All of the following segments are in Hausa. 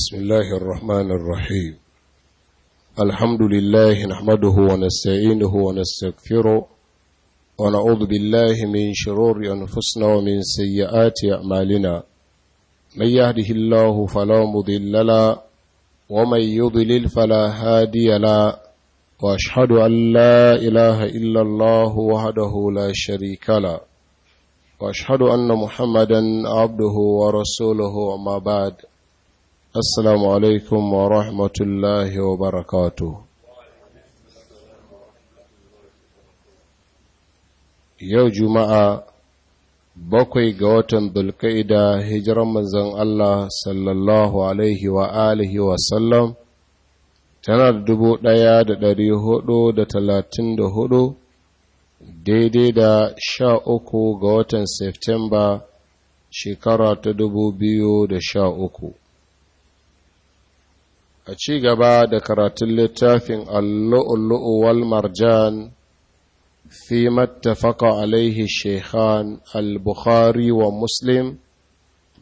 بسم الله الرحمن الرحيم الحمد لله نحمده ونستعينه ونستغفره ونعوذ بالله من شرور أنفسنا ومن سيئات أعمالنا من يهده الله فلا مضل له ومن يضلل فلا هادي له وأشهد أن لا إله إلا الله وحده لا شريك له وأشهد أن محمدا عبده ورسوله وما بعد alaikum wa ورحمة wa barakatu Yau Juma'a bakwai ga watan dulka'ida hijiran manzon Allah sallallahu alaihi wa alihi wa sallam tana da dubu ɗaya da ɗari hudu da talatin da hudu daidai da sha uku ga watan Septemba shekara ta dubu biyu da sha uku a ci gaba da karatun littafin allu'ullu'u wal marjan fi mattafaka alaihi shekhan al-bukhari wa muslim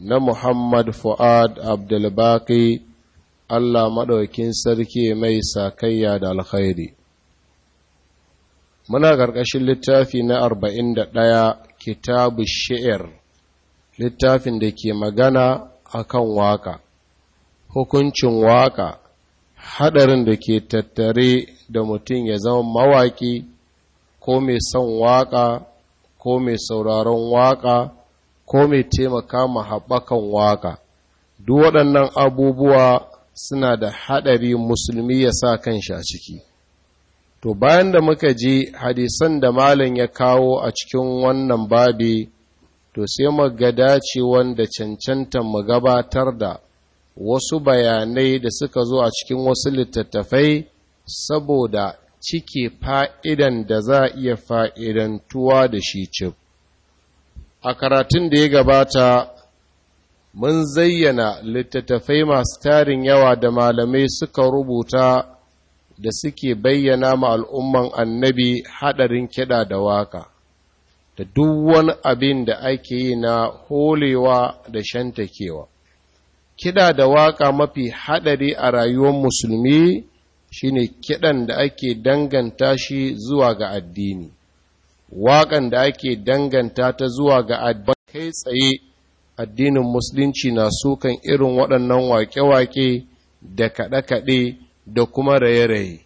na muhammad fu'ad abdulbaki allah maɗaukin sarki mai sakayya da alkhairi muna ƙarƙashin littafi na arba'in da ɗaya kitabu shi'ir littafin da ke magana akan waka hukuncin waƙa hadarin da ke tattare da mutum ya zama mawaƙi, ko mai son waƙa, ko mai sauraron waƙa, ko mai taimaka ma haɓakan waka duk waɗannan abubuwa suna da haɗari musulmi ya sa shi a ciki to bayan da muka ji hadisan da malam ya kawo a cikin wannan babi to sai mu ga dacewan da cancanta mu gabatar da wasu bayanai da suka zo a cikin wasu littattafai saboda cike fa'idan da za a iya fa'idantuwa da shi cif. A karatun da ya gabata, mun zayyana littattafai masu tarin yawa da malamai suka rubuta da suke bayyana ma al'umman annabi haɗarin kiɗa da waƙa, da duk wani abin da ake yi na holewa da shantakewa. Kida da waƙa mafi haɗari a rayuwar musulmi shine kiɗan da ake danganta shi zuwa ga addini waƙan da ake danganta ta zuwa ga addini kai tsaye addinin musulunci na sukan irin waɗannan waƙe-waƙe da kaɗe-kaɗe da kuma raye-raye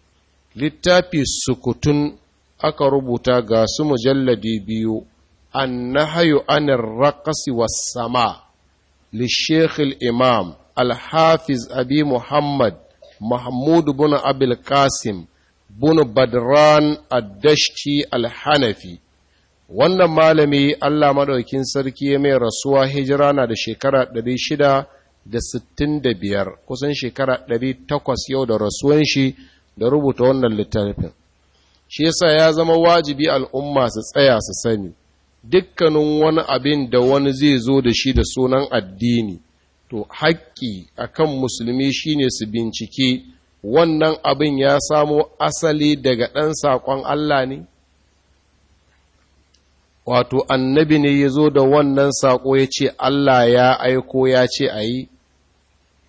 littafi sukutun aka rubuta ga su mujalladi biyu an nahayu anin raƙasi wasu sama' للشيخ Imam Alhafiz أبي محمد محمود بن أبي Badran بن بدران الدشتي wannan malami Allah madaukin sarki ya mai rasuwa hijira na da shekara da da sittin biyar kusan shekara ɗari takwas yau da rasuwan shi da rubuta wannan littafin shi yasa ya zama wajibi al'umma su tsaya su sani dukkanin wani abin da wani zai zo da shi da sunan addini to haƙƙi a kan musulmi shine su bincike wannan abin ya samo asali daga ɗan saƙon Allah ne wato annabi ne ya zo da wannan saƙo ya ce Allah ya aiko ya ce a yi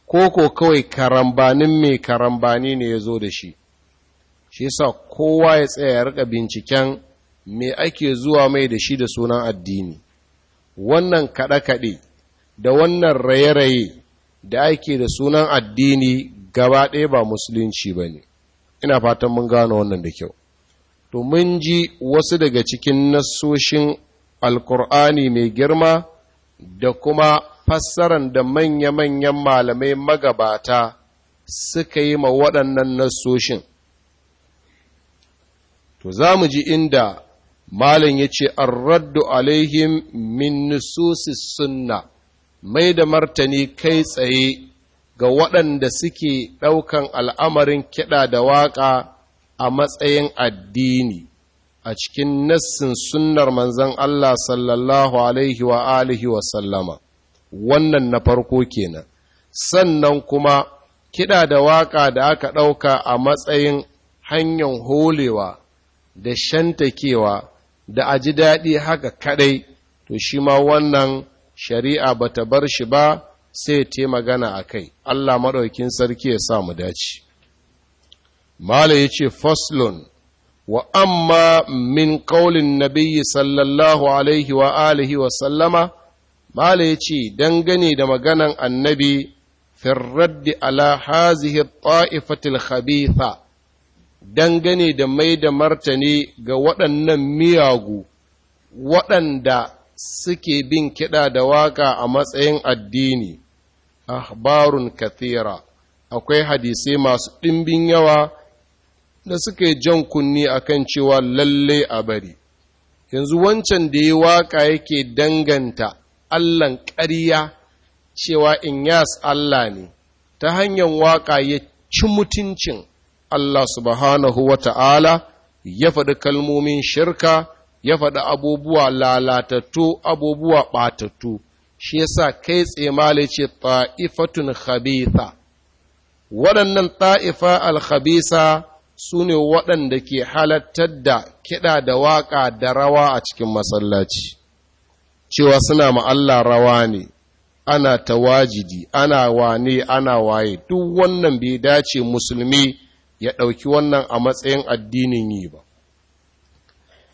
ko ko kawai karambanin mai karambani ne ya zo da shi shi sa kowa ya tsaya ya riƙa binciken me ake zuwa mai da shi da sunan addini wannan kaɗe-kaɗe da wannan raye-raye da ake da sunan addini gaba ɗaya ba musulunci ba ne ina fatan mun gano wannan da kyau to mun ji wasu daga cikin nasoshin alkur'ani mai girma da kuma fassaran da manya-manyan malamai magabata suka yi ma waɗannan nasoshin, to za mu ji inda malam ya ce an raddu alaihim min nususis sunna mai da martani kai tsaye ga waɗanda suke ɗaukan al'amarin kiɗa da waƙa a matsayin addini a cikin nassin sunnar manzan Allah sallallahu alaihi wa alihi wa sallama wannan na farko kenan sannan kuma kiɗa da waƙa da aka ɗauka a matsayin hanyar holewa da shantakewa da a ji daɗi haka kaɗai to shi ma wannan shari'a ba ta bar shi ba sai te magana a kai Allah maɗaukin sarki ya sa mu dace mala ya ce faslon wa amma min ƙaulin nabiyyi sallallahu alaihi wa alihi wa sallama mala ya ce dangane da maganan annabi firraddi ala hazihi ta'ifatil khabitha dangane da mai da martani ga waɗannan miyagu waɗanda suke bin kiɗa da waƙa a matsayin addini, ahbarun kathira, akwai hadisai masu ɗimbin yawa da suke jan kunni kan cewa lallai a bari. Yanzu wancan da ya waƙa yake danganta Allahn ƙarya cewa in yas Allah ne, ta hanyar waƙa ya ci mutuncin Allah subhanahu wa ta'ala ya faɗi kalmomin shirka ya faɗi abubuwa lalatattu abubuwa ɓatattu shi yasa kai tsemale ce ta'ifatun khabitha waɗannan ta'ifa al-khabisa su ne waɗanda ke halattar da kiɗa da waƙa da rawa a cikin masallaci cewa suna ma'alla rawa ne ana tawajidi ana wane ana waye duk wannan bai dace musulmi ya ɗauki wannan a matsayin addinin yi ba.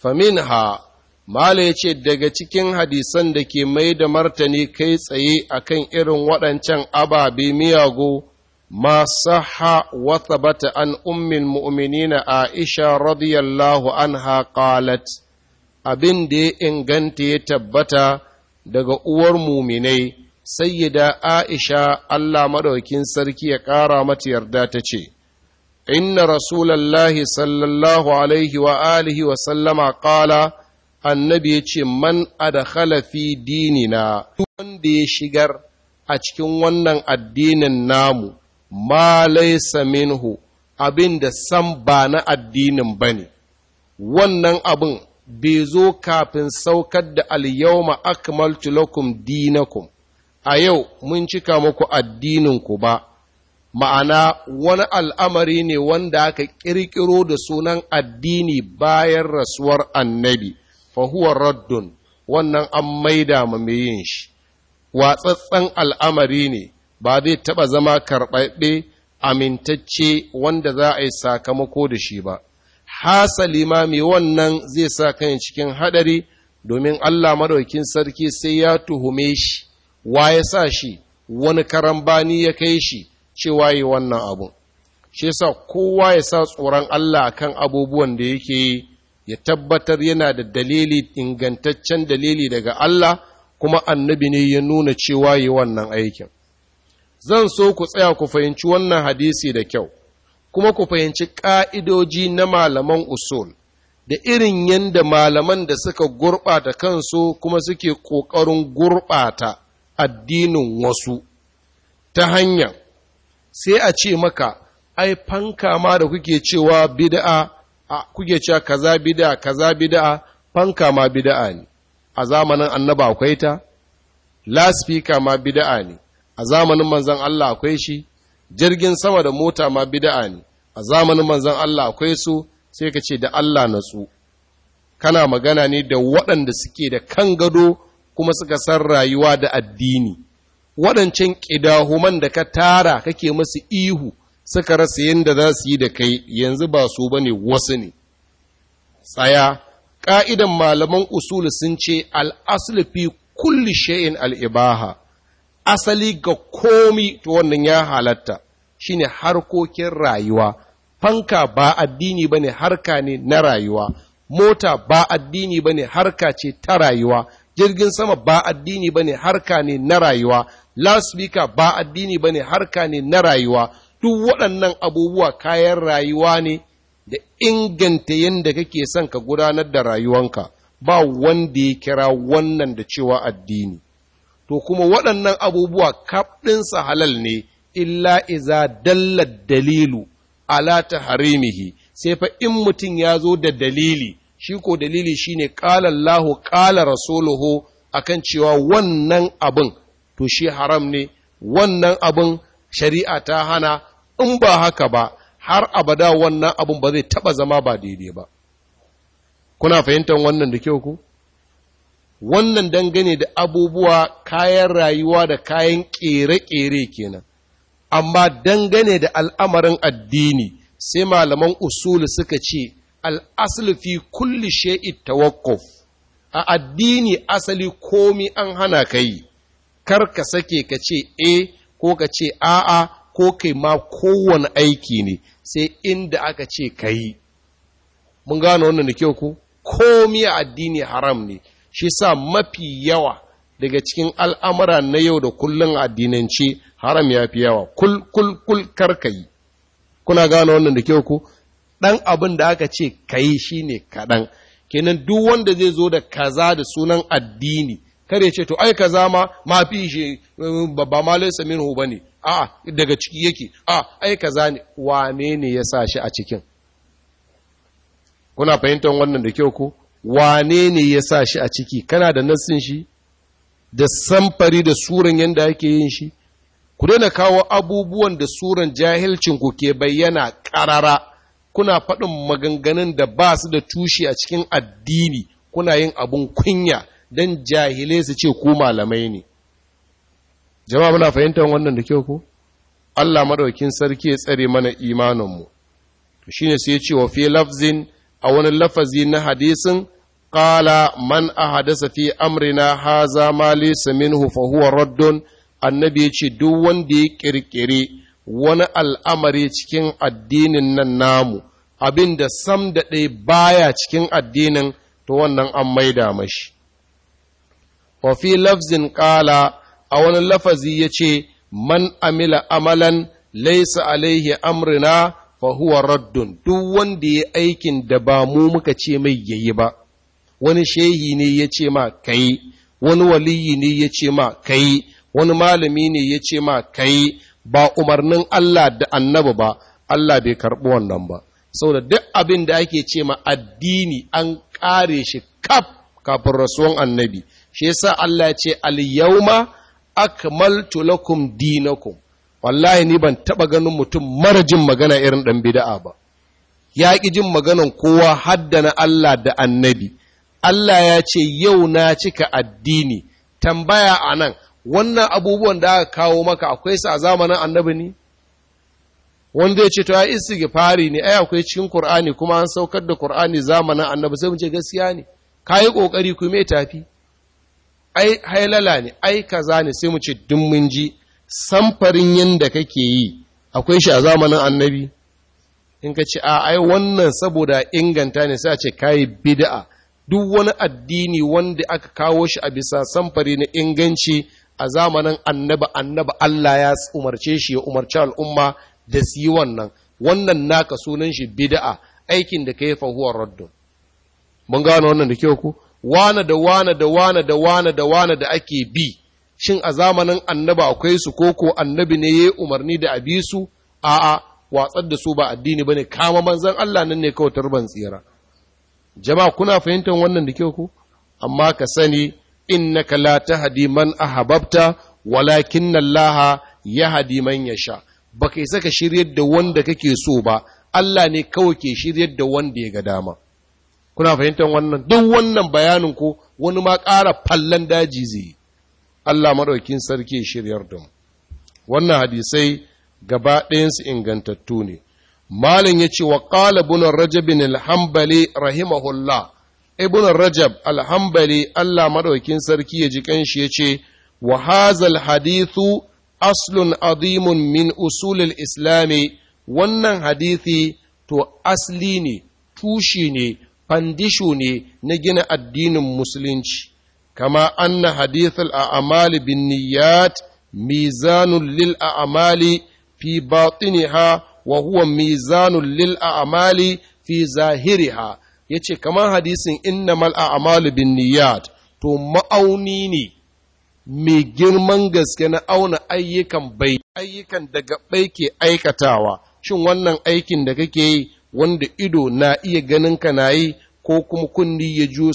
Famin ha, Mala ya ce daga cikin hadisan da ke mai da martani kai tsaye a kan irin waɗancan ababe miyago ma ha wata bata an ummin mu'minina Aisha radiyallahu anha haƙalat. abin da ya inganta ya tabbata daga uwar muminai sayyida Aisha Allah maɗaukin sarki ya ƙara mata yarda ta ce, inna rasulallahi sallallahu alaihi wa wa sallama qala annabi ya ce man adakhala fi dinina wanda ya shigar a cikin wannan addinin namu ma laysa abin da san ba na addinin bane wannan abin bai zo kafin saukar da alyawma akmaltu lakum dinakum a yau mun cika muku addininku ba ma'ana wani al'amari ne wanda aka ƙirƙiro da sunan addini bayan rasuwar annabi fahuwar raddun wannan an maida ma mai yin shi watsatsen al'amari ne ba zai taɓa zama karɓaɓe amintacce wanda za a yi sakamako da shi ba hasali ma mai wannan zai sa kan cikin haɗari domin allah maɗaukin sarki sai ya tuhume shi wa ya sa shi wani karambani ya kai shi cewa yi wannan abu shi yasa kowa ya sa tsoron Allah kan abubuwan da yake yi ya tabbatar yana da dalili ingantaccen dalili daga Allah kuma annabi ne ya nuna cewa yi wannan aikin zan so ku tsaya ku fahimci wannan hadisi da kyau kuma ku fahimci ƙa'idoji na malaman usul da irin yadda malaman da suka gurɓata kansu kuma suke ƙoƙarin gurɓata addinin wasu ta hanyar sai a ce maka ai fanka ma da kuke cewa bid'a a kuke cewa kaza bid'a kaza bid'a fanka ma bid'a ne a zamanin annaba akwai ta laspika ma bid'a ne a zamanin manzon Allah akwai shi jirgin sama da mota ma bid'a ne a zamanin manzon Allah akwai su sai ka ce da Allah natsu kana magana ne da waɗanda suke da kan gado kuma suka san rayuwa da addini waɗancan ƙidahuman da ka tara kake masu ihu suka rasa yadda za su yi da kai yanzu ba su ba ne wasu ne tsaya ƙa'idan malaman usulu sun ce al'asali fi kulli sha'in al'ibaha asali ga komi to wannan ya halatta Shi ne harkokin rayuwa fanka ba addini ba ne harka ne na rayuwa mota ba addini ba ne harka ce ta rayuwa jirgin sama ba addini ba ne harka ne na rayuwa lasbika ba addini ba ne harka ne na rayuwa duk waɗannan abubuwa kayan rayuwa ne da inganta yadda kake son ka gudanar da rayuwanka ba wanda ya kira wannan da cewa addini to kuma waɗannan abubuwa kaɗinsa halal ne illa iza dallar dalilu ala ta harimihi sai fa in mutum ya zo da dalili shi ko dalili shine ƙalar lahu ƙalar rasuluhu kan cewa wannan abin to shi haram ne wannan abin shari'a ta hana in ba haka ba har abada wannan abin ba zai taba zama ba daidai ba kuna fahimtar wannan da kyau ku wannan dangane da abubuwa kayan rayuwa da kayan ƙere-ƙere kenan amma dangane da al'amarin addini sai malaman usul suka ce al'asali fi kulli shei tawakkuf a addini asali komi an hana ka yi kar ka sake ka ce e ko ka ce a'a ko kai ma kowane aiki ne sai inda aka ce ka yi mun gano wannan da kyau ko komi a addini haram ne shi sa mafi yawa daga cikin al'amura na yau da kullum addinance haram ya fi yawa kul kul kul karkayi kuna gano wannan da kyau ku ɗan abin da aka ce ka yi shi ne kaɗan kenan duk wanda zai zo da kaza da sunan addini kare ce to ai kaza ma ma fi shi ba ma laisa minhu bane a daga ciki yake a ai kaza ne wane ne ya sa shi a cikin kuna fahimtar wannan da kyau ko wane ne ya sa shi a ciki kana da nassin shi da samfari da suran yanda ake yin shi ku daina kawo abubuwan da suran jahilcin ku ke bayyana ƙarara. kuna faɗin maganganun da ba su da tushe a cikin addini kuna yin abun kunya don jahile su ce ku malamai ne jama'a muna fahimtar wannan da kyau ko Allah madaukin sarki ya tsare mana imaninmu to shine sai ya ce wa fi lafzin a wani lafazi na hadisin qala man ahadasa fi amrina haza ma laysa minhu fa huwa raddun annabi ya ce duk wanda ya kirkire wani al'amari cikin addinin nan namu abin da sam da ɗai baya cikin addinin to wannan an maida mashi wa lafzin ƙala a wani lafazi ya ce man amila amalan laisa alaihi amrina fa huwa raddun duk wanda ya aikin da ba mu muka ce mai yayi ba wani shehi ne ya ce ma kai wani waliyi ne ya ce ma kai wani malami ne ya ce ma kai ba umarnin Allah da annabi ba Allah bai karɓi wannan ba Sau da duk abin da ake ce ma addini an ƙare shi kaf kafin rasuwan annabi shi yasa Allah ya ce al-yawma akmaltu lakum dinakum wallahi ni ban taɓa ganin mutum mara jin magana irin ɗan bida'a ba ya ki jin maganan kowa haddana Allah da annabi Allah ya ce yau na cika addini tambaya anan wannan abubuwan da aka kawo maka akwai su a zamanin annabi ne wanda ya ce to ya fari ne ai akwai cikin Kur'ani kuma an saukar da Qur'ani zamanin annabi sai mu ce gaskiya ne kai kokari ku mai tafi ai hailala ne ai kaza ne sai mu ce dun mun ji samfarin yanda kake yi akwai shi a zamanin annabi in ka ce a ai wannan saboda inganta ne sai a ce kai bid'a duk wani addini wanda aka kawo shi a bisa samfari na inganci a zamanin annaba-annaba Allah ya umarce shi ya umarci al'umma da su yi wannan wannan naka sunan shi bid'a aikin da ka yi fahuwar raddu mun gano wannan da kyau ku wana da wana da wana da wana da wana da ake bi shin a zamanin annaba akwai su ko ko annabi ne yayi umarni da abi su a'a watsar da su ba addini ba ne. kama manzon Allah nan ne kawai turban tsira jama'a kuna fahimtar wannan da kyau ku amma ka sani innaka la tahdi man ahbabta walakin Allah yahdi man yasha baka isa ka shiryar da wanda kake so ba Allah ne kawai ke shiryar da wanda ya ga dama kuna fahimtar wannan duk wannan bayanin ko wani ma ƙara fallan daji zai Allah maɗaukin sarki shiryar da wannan hadisai gaba ɗayansu ingantattu ne Malam ya ce wa ƙala bunan rajabin alhambali rahimahullah ibn rajab alhambali allah maɗaukin sarki ya ji kanshi ya ce wa hazal hadithu aslun azimun min usulil islami wannan hadithi to asli ne tushe ne fandisho ne na gina addinin musulunci kama anna hadithul a'amali bin niyyat mizanun lil a'amali fi batiniha wa huwa mizanun lil a'amali fi zahiriha ya ce kamar hadisin inna mal'a amalu bin niyyat to ma'auni ne mai girman gaske na auna ayyukan bai ayyukan daga bai ke aikatawa shin wannan aikin da kake yi wanda ido na iya ganin ka na yi ko kuma kunni ya jo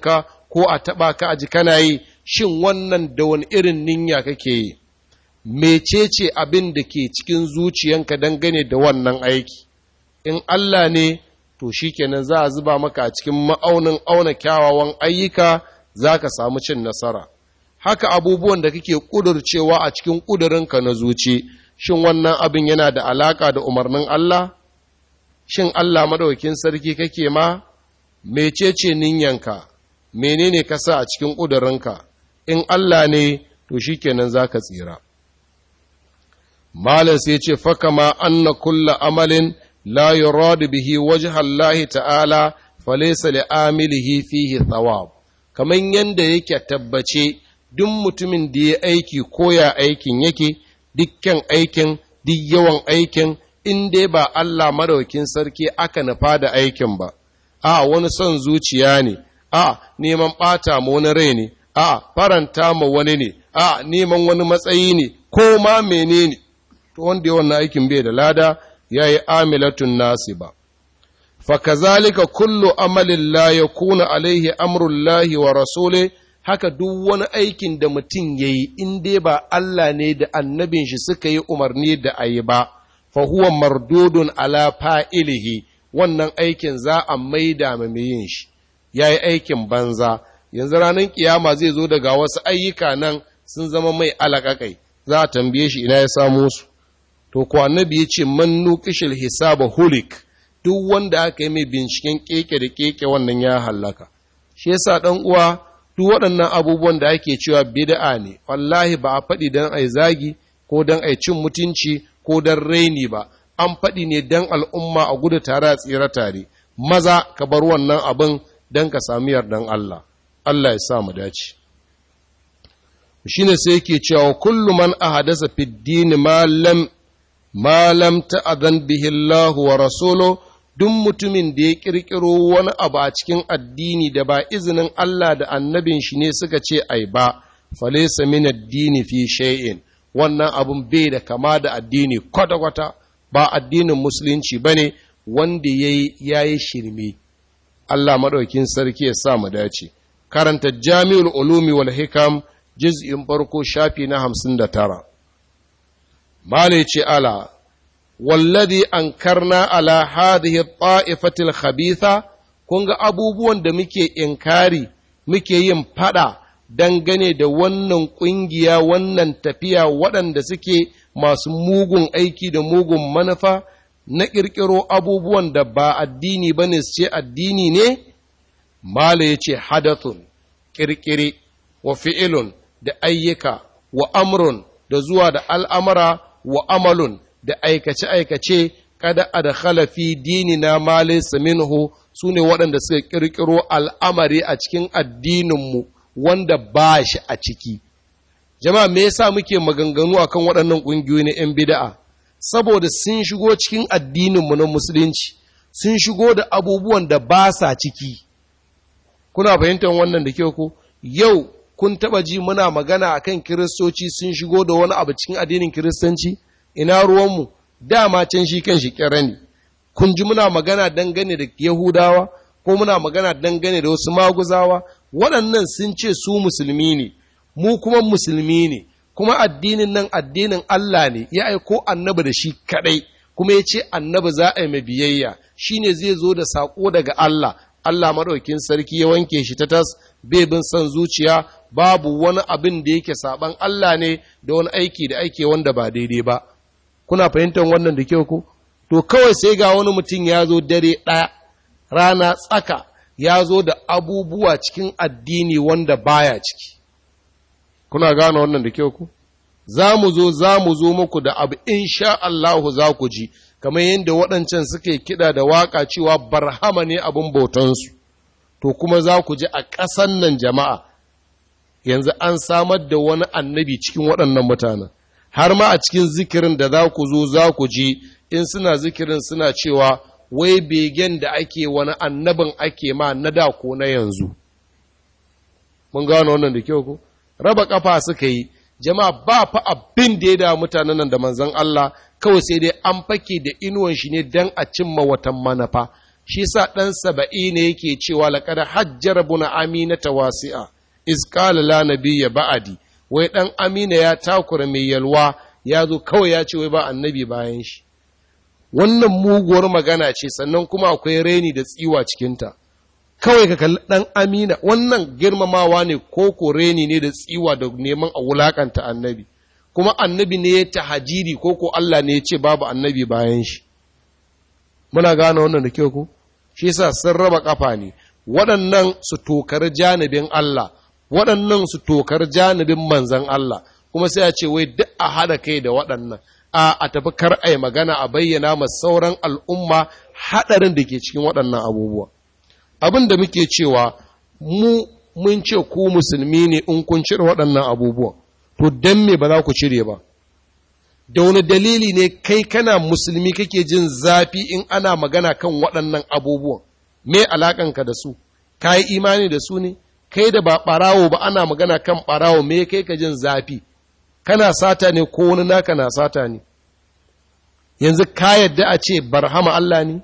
ka, ko a taba ka a ji kana yi shin wannan da wani irin ninya kake yi mecece abin da ke cikin zuciyanka dangane da wannan aiki in Allah ne to shi kenan za a zuba maka a cikin ma'aunin auna kyawawan ayyuka za ka samu cin nasara haka abubuwan da kake ƙudurcewa a cikin ƙudurinka na zuci shin wannan abin yana da alaƙa da umarnin Allah shin Allah madaukin sarki kake ma mecece ninyanka menene ka sa a cikin ƙudurinka in Allah ne to za ka tsira malam sai ce faka ma anna kulla amalin la yuradu bihi wajhallahi ta'ala falaysa li'amilihi fihi Kamar kaman yanda yake tabbace duk mutumin da ya aiki koya aikin yake dukkan aikin duk yawan aikin in dai ba Allah madaukin sarki aka nufa da aikin ba a wani son zuciya ne a neman ɓata ma wani rai ne a faranta ma wani ne a neman wani matsayi ne ko ma menene to wanda yawan aikin bai da lada ya yi amilatun nasi ba fakazalika kullu amalin la ya kuna alaihi amrullahi wa rasule haka duk wani aikin da mutum ya yi in dai ba Allah ne da annabin shi suka yi umarni da a yi ba fa huwa mardudun ala fa'ilihi wannan aikin za a maida mai yin shi ya yi aikin banza yanzu ranar kiyama zai zo daga wasu ayyuka nan sun zama mai alaƙaƙai za a tambaye shi ina ya samu su to kwana annabi ya ce man nuqishil hisaba hulik duk wanda aka yi mai binciken keke da keke wannan ya hallaka shi yasa dan uwa duk waɗannan abubuwan da ake cewa bid'a ne wallahi ba a faɗi a yi zagi ko a yi cin mutunci ko don raini ba an faɗi ne don al'umma a gudu tare a tsira tare maza ka bar wannan abin don ka sami yardan Allah Allah ya sa mu dace shine sai yake cewa kullum man a hadasa fiddini ma lam malam ta'azan bihi Allah wa rasuluhu duk mutumin da ya kirkiro wani abu a cikin addini da ba izinin Allah da annabin shi ne suka ce ai ba, falaysa min addini fi shay'in wannan abun bai da kama da addini kwata-kwata ba addinin musulunci ba ne wanda ya yayi shirme. Allah maɗaukin sarki ya sa mu dace. Karanta Jami'ul Ulumi wal Hikam juz'in farko shafi na hamsin da tara. malai ce ala wallazi ankarna ala hadhihi ta'ifatil khabitha kun ga abubuwan da muke inkari muke yin fada dangane da wannan ƙungiya wannan tafiya waɗanda suke masu mugun aiki da mugun manufa na ƙirƙiro abubuwan da ba addini ba ne ce addini ne mala ya ce hadathun ƙirƙiri wa fi'ilun da ayyuka wa amrun da zuwa da al'amara wa amalun da aikace-aikace kada adkhala fi dinina ma laysa minhu sune waɗanda suka kirkiro al'amari a cikin addininmu wanda ba shi a ciki jama'a me yasa muke maganganu a kan waɗannan ƙungiyoyi na 'yan bida'a saboda sun shigo cikin addininmu na musulunci sun shigo da abubuwan da ba sa ciki kuna fahimtar wannan da ke ko yau kun taɓa ji muna magana akan kiristoci sun shigo da wani abu cikin addinin kiristanci ina ruwanmu dama can shi kan shi ne kun ji muna magana dangane da yahudawa ko muna magana dangane da wasu maguzawa waɗannan sun ce su musulmi ne mu kuma musulmi ne kuma addinin nan addinin Allah ne ya aiko annabi da shi kaɗai kuma ya ce annabi za a yi mai biyayya Shi ne zai zo da saƙo daga Allah Allah maɗaukin sarki ya wanke shi ta tas bai bin son zuciya babu wani abin da yake saban Allah ne da wani aiki da aike wanda ba daidai ba kuna fahimtar wannan da kyau ko to kawai sai ga wani mutum ya zo dare ɗaya rana tsaka ya zo da abubuwa cikin addini wanda baya ciki kuna gane wannan da kyau ku za mu zo za mu zo muku da abu insha Allahu za ku ji kamar yadda waɗancan suke kiɗa da waƙa cewa barhama ne abin bautansu to kuma za ku ji a ƙasan nan jama'a yanzu an samar da wani annabi cikin waɗannan mutanen har ma a cikin zikirin da za ku zo za ku ji in suna zikirin suna cewa wai begen da ake wani annabin ake ma na da ko na yanzu mun gano wannan da kyau ko raba kafa suka yi jama'a ba fa abin da ya da mutanen nan da manzon Allah kawai sai dai an fake da inuwan shi ne dan a cimma watan manafa. shi sa ɗan saba'i ne yake cewa laƙada hajjar buna amina ta wasi'a iskala la ya ba'adi wai ɗan amina ya takura mai yalwa ya zo kawai ya ce wai ba annabi bayan shi wannan muguwar magana ce sannan kuma akwai reni da tsiwa cikinta kawai ka kalli ɗan amina wannan girmamawa ne ko ko reni ne da tsiwa da neman a wulaƙanta annabi kuma annabi ne ya Hajiri, ko ko Allah ne ya ce babu annabi bayan shi muna gane wannan da kyau ko shi sa sun raba kafa ne waɗannan su tokar janibin Allah waɗannan su tokar janibin manzan Allah kuma sai a ce wai duk a haɗa kai da waɗannan a a tafi kar a magana a bayyana ma sauran al'umma haɗarin da ke cikin waɗannan abubuwa abin da muke cewa mu mun ce ku musulmi ne in kun cire waɗannan abubuwa, to don me ba za ku cire ba da wani dalili ne kai kana musulmi kake jin zafi in ana magana kan waɗannan abubuwan me alaƙanka da su ka yi imani da su ne kai da ba ɓarawo ba ana magana kan ɓarawo me kai ka jin zafi kana sata ne ko wani naka na sata ne yanzu ka yadda a ce barhama Allah ne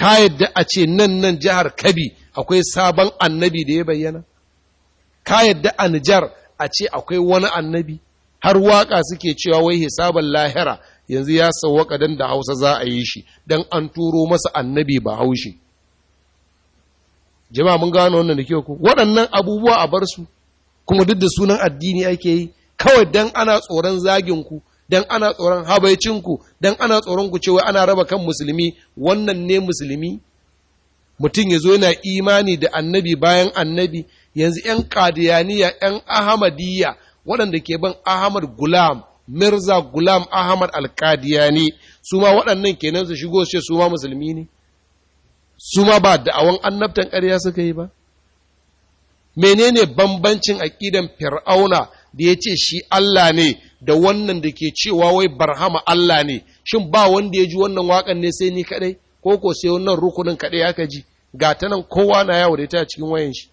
ka yadda a ce nan nan jihar kabi akwai sabon annabi da ya bayyana ka yadda a nijar a ce akwai wani annabi har waka suke cewa wai hisabar lahira yanzu ya sauwaka don da hausa za a yi shi don an turo masa annabi ba haushi jama'a mun gano wannan da kyau ku waɗannan abubuwa a bar su kuma duk da sunan addini ake yi kawai don ana tsoron zaginku, don ana tsoron habaicinku, don ana tsoron ku cewa ana raba kan musulmi wannan ne musulmi mutum ya zo yana imani da annabi bayan annabi yanzu 'yan kadiyaniya 'yan ahamadiyya waɗanda ke ban Ahmad Gulam Mirza Gulam Ahmad Alkadiyani su ma waɗannan kenan su shigo su ce su ma musulmi ne su ma ba da'awan annabtan ƙarya suka yi ba menene bambancin aƙidan fir'auna da ya ce shi Allah ne da wannan da ke cewa wai barhama Allah ne shin ba wanda ya ji wannan waƙan ne sai ni kaɗai ko ko sai wannan rukunin kaɗai aka ji ga ta nan kowa na yawo da ta cikin wayan shi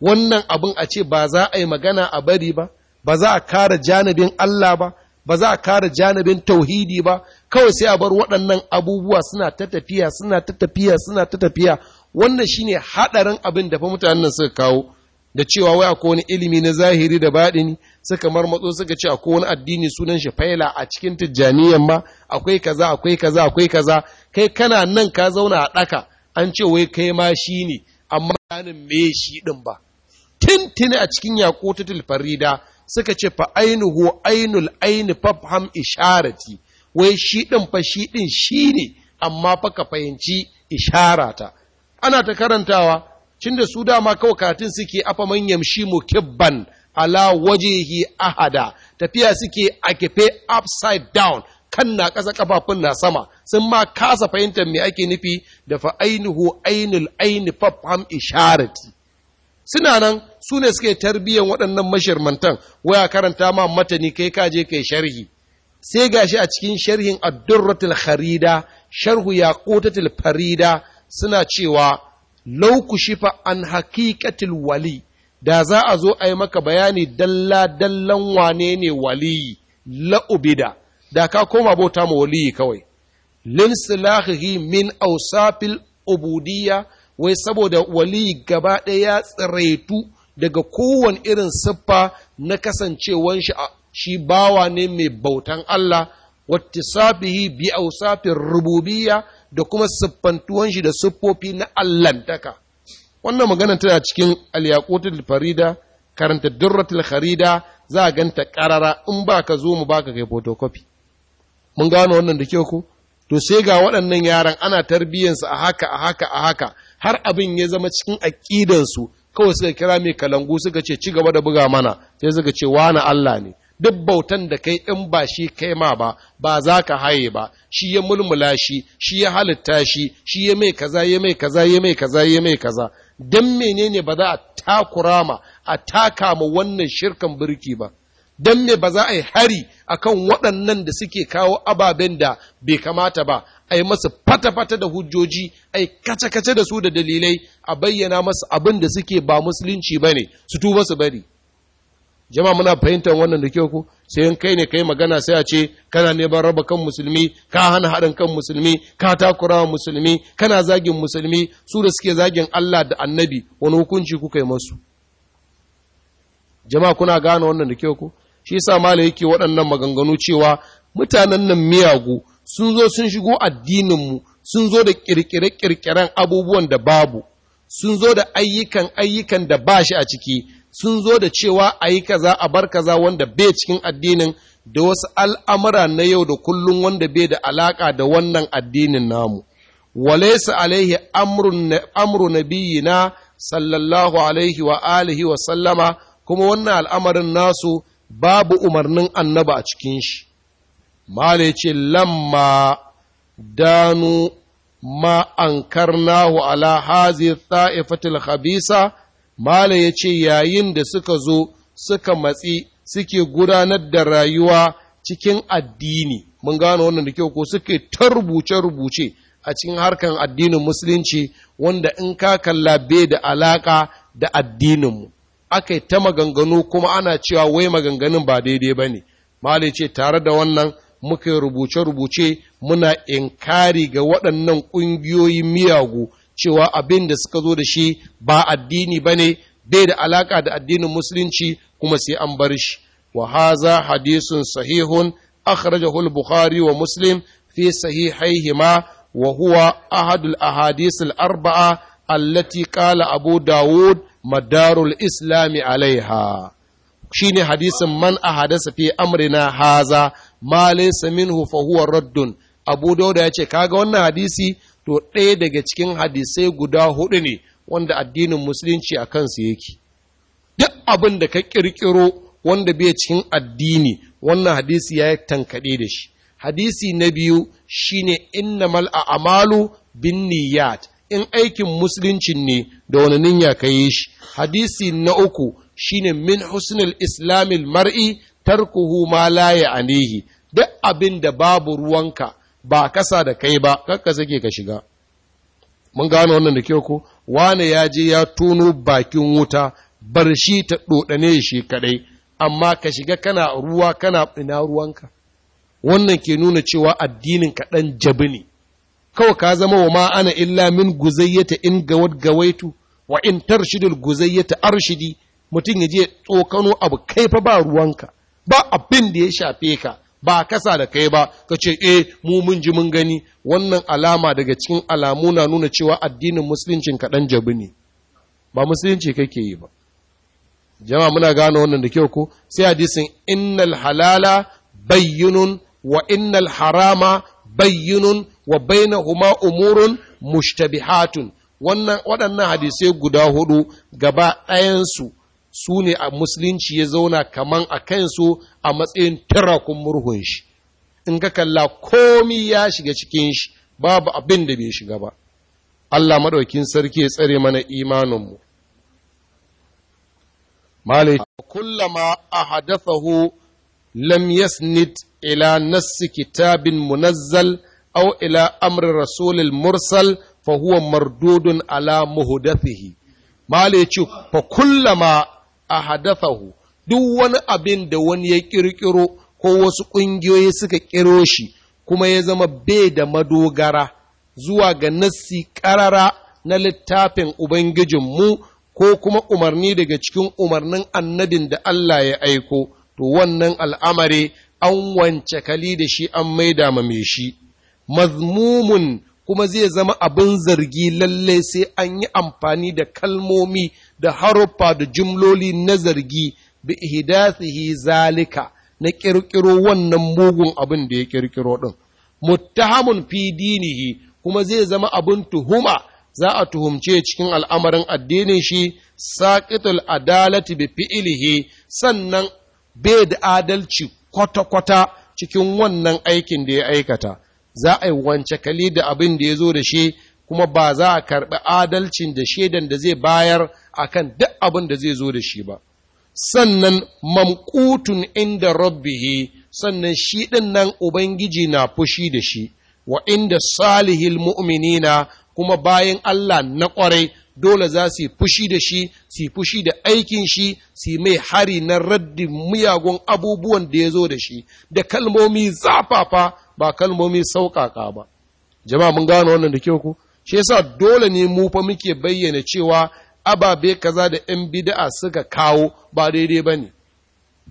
wannan abin a ce ba za a yi magana a bari ba ba za a kare janibin Allah ba ba za a kare janibin tauhidi ba kawai sai a bar waɗannan abubuwa suna ta tafiya suna ta tafiya suna ta tafiya wannan shi ne haɗarin abin da fa mutanen suka kawo da cewa wai akwai wani ilimi na zahiri da ni suka marmatso suka ce akwai wani addini sunan shi faila a cikin tijjaniyan ma akwai kaza akwai kaza akwai kaza kai kana nan ka zauna a ɗaka an ce wai kai ma shi ne amma ɗin ba tintini a cikin yakutu farida suka ce fa ainuhu ainul aini fafham isharati wai shi ɗin fa shi ɗin shi ne amma fa ka fahimci isharata ana ta karantawa cin da su dama kawai karatun suke afa man yamshi kibban ala wajihi ahada tafiya suke a kefe upside down kan na ƙasa kafafun na sama sun ma kasa fahimtar me ake nufi da fa ainihu ainul aini fafham isharati suna nan su ne suke tarbiyyar waɗannan mashirmantan waya karanta ma matani kai kaje kai sharhi sai gashi a cikin sharhin addurratul kharida sharhu yaqutatul farida suna cewa law kushifa an haƙiƙatin wali da za a zo a yi maka bayani dalla dallan wane ne waliyi la'ubida da ka koma bauta ma waliyi kawai linsilahihi min ausafil ubudiyya wai saboda wali gaba ɗaya ya tsiraitu daga kowane irin siffa na kasancewan shi shi bawa ne mai bautan Allah wattisafihi bi ausafin rububiyya da kuma siffantuwan shi da siffofi na allantaka wannan magana tana cikin al-yaqutul farida karanta durratul kharida za a ganta karara in ba ka zo mu baka kai photocopy mun gano wannan da kyau ku. to sai ga waɗannan yaran ana tarbiyyansu a haka a haka a haka har abin ya zama cikin aƙidansu kawai suka kira mai kalangu suka ce ci gaba da buga mana sai suka ce wani Allah ne duk bautan da kai in ba shi kai ma ba ba za ka haye ba shi ya mulmula shi shi ya halitta shi shi ya mai kaza ya mai kaza ya mai kaza ya mai kaza dan menene ba za a takura ma a taka ma wannan shirkan birki ba dan me ba za a yi hari akan waɗannan da suke kawo ababen da bai kamata ba a yi masa fata-fata da hujjoji a yi kace-kace da su da dalilai a bayyana masa abin da suke ba musulunci ba ne su tuba su bari Jama muna fahimtar wannan da kyau ku sai in kai ne ka yi magana sai a ce kana neman raba kan musulmi ka hana haɗin kan musulmi ka takura wa musulmi kana zagin musulmi su da suke zagin Allah da annabi wani hukunci kuka yi masu jama'a kuna gane wannan da kyau ku shi yasa malai yake waɗannan maganganu cewa mutanen nan miyagu sun zo sun shigo addininmu sun zo da ƙirƙire-ƙirƙiren abubuwan da babu sun zo da ayyukan ayyukan da ba shi a ciki sun zo da cewa a yi kaza a bar kaza wanda bai cikin addinin da wasu al'amura na yau da kullum wanda bai da alaƙa da wannan addinin namu walaisa alaihi amru nabiyina sallallahu alaihi wa alihi wa sallama kuma wannan al'amarin nasu babu umarnin annaba a cikin shi mala ce lamma danu ma an karnahu ala hazi ta'ifatul habisa, mala ya ce yayin da suka zo suka matsi suke gudanar da rayuwa cikin addini mun gano wannan da kyau ko suke ta rubuce-rubuce a cikin harkan addinin musulunci wanda in ka kalla bai da alaka da addininmu aka yi ta maganganu kuma ana cewa wai maganganun ba daidai ba ne mali ce tare da wannan muka rubuce-rubuce muna inkari ga waɗannan ƙungiyoyi miyagu cewa abin da suka zo da shi ba addini ba ne bai da alaƙa da addinin musulunci kuma sai an bar shi wa haza hadisun sahihun akhrajahu al-bukhari wa muslim fi sahihaihima wa huwa ahadul ahadith al-arba'a allati qala abu dawud madarul islami alaiha shine hadisin man ahadasa fi amrina haza ma laysa minhu fa huwa raddun abu dauda ya ce kaga wannan hadisi to ɗaya daga cikin hadisai guda hudu ne wanda addinin musulunci a kansu yake duk abin da ka kirkiro wanda bai cikin addini wannan hadisi ya tankaɗe da shi hadisi na biyu shine innamal a'malu bin niyyat in aikin musulunci ne da wani niyya ka yi shi hadisi na uku shine min husnul islamil mar'i tarkuhu ma la anehi. duk abin da babu ruwanka ba kasa da kai ba kakka sake ka shiga mun gano wannan da kyau ko wane ya je ya tono bakin wuta bar shi ta dodane shi kadai amma ka shiga kana ruwa kana ina ruwanka wannan ke nuna cewa addinin ka dan jabi ne kawai ka zama wa ma ana illa min guzayyata in gawad gawaitu wa in tarshidul guzayyata arshidi mutum ya je tsokano abu kai fa ba ruwanka ba abin da ya shafe ka ba kasa da kai ba ka ce eh mu mun ji mun gani wannan alama daga cikin alamu na nuna cewa addinin musuluncin kaɗan jabi ne ba musulunci kake yi ba jama muna gano wannan da kyau ko sai hadisin innal halala bayyinun wa innal harama bayyinun wa bainahuma umurun mushtabihatun wannan waɗannan hadisai guda hudu gaba ɗayan su su ne a musulunci ya zauna kaman a kansu a matsayin tarakun murhun shi in ka kalla komi ya shiga cikin shi babu abin da bai shiga ba Allah maɗaukin sarki ya tsare mana imaninmu malai kullama ahadathahu lam yasnid ila nassi kitabin munazzal aw ila amri rasulil mursal fa huwa mardudun ala muhdathihi malai fa kullama A hadafahu duk wani abin da wani ya ƙirƙiro ko wasu ƙungiyoyi suka ƙiro shi kuma ya zama bai da madogara zuwa ga nassi ƙarara na littafin Ubangijinmu ko kuma umarni daga cikin umarnin annabin da Allah ya aiko, to wannan al'amari an wance kali da shi an maida ma mai shi. Mazmumun kuma zai zama abin zargi lalle sai an yi amfani da kalmomi da haruffa da jumloli na zargi bi ihdathihi zalika na kirkiro wannan mugun abin da ya kirkiro din muttahamun fi dinihi kuma zai zama abin tuhuma za a tuhumce cikin al'amarin addinin shi saqitul adalati bi fi'lihi sannan bai da adalci kwata-kwata cikin wannan aikin da ya aikata za a yi wance kali da abin da ya zo da shi kuma ba za a karɓi adalcin da shaidan da zai bayar a kan duk abin da zai zo da shi ba sannan mamkutun inda rabbihi sannan shi ɗin nan ubangiji na fushi da shi wa inda salihil mu'minina kuma bayan Allah na ƙwarai dole za su yi fushi da shi su yi fushi da aikin shi su yi mai hari na raddin miyagun abubuwan da ya zo da shi da kalmomi zafafa ba kalmomi sauƙaƙa ba jama'a mun gano wannan da kyau ku shi yasa dole ne mu fa muke bayyana cewa ababe kaza da 'yan bida'a suka kawo ba daidai ba ne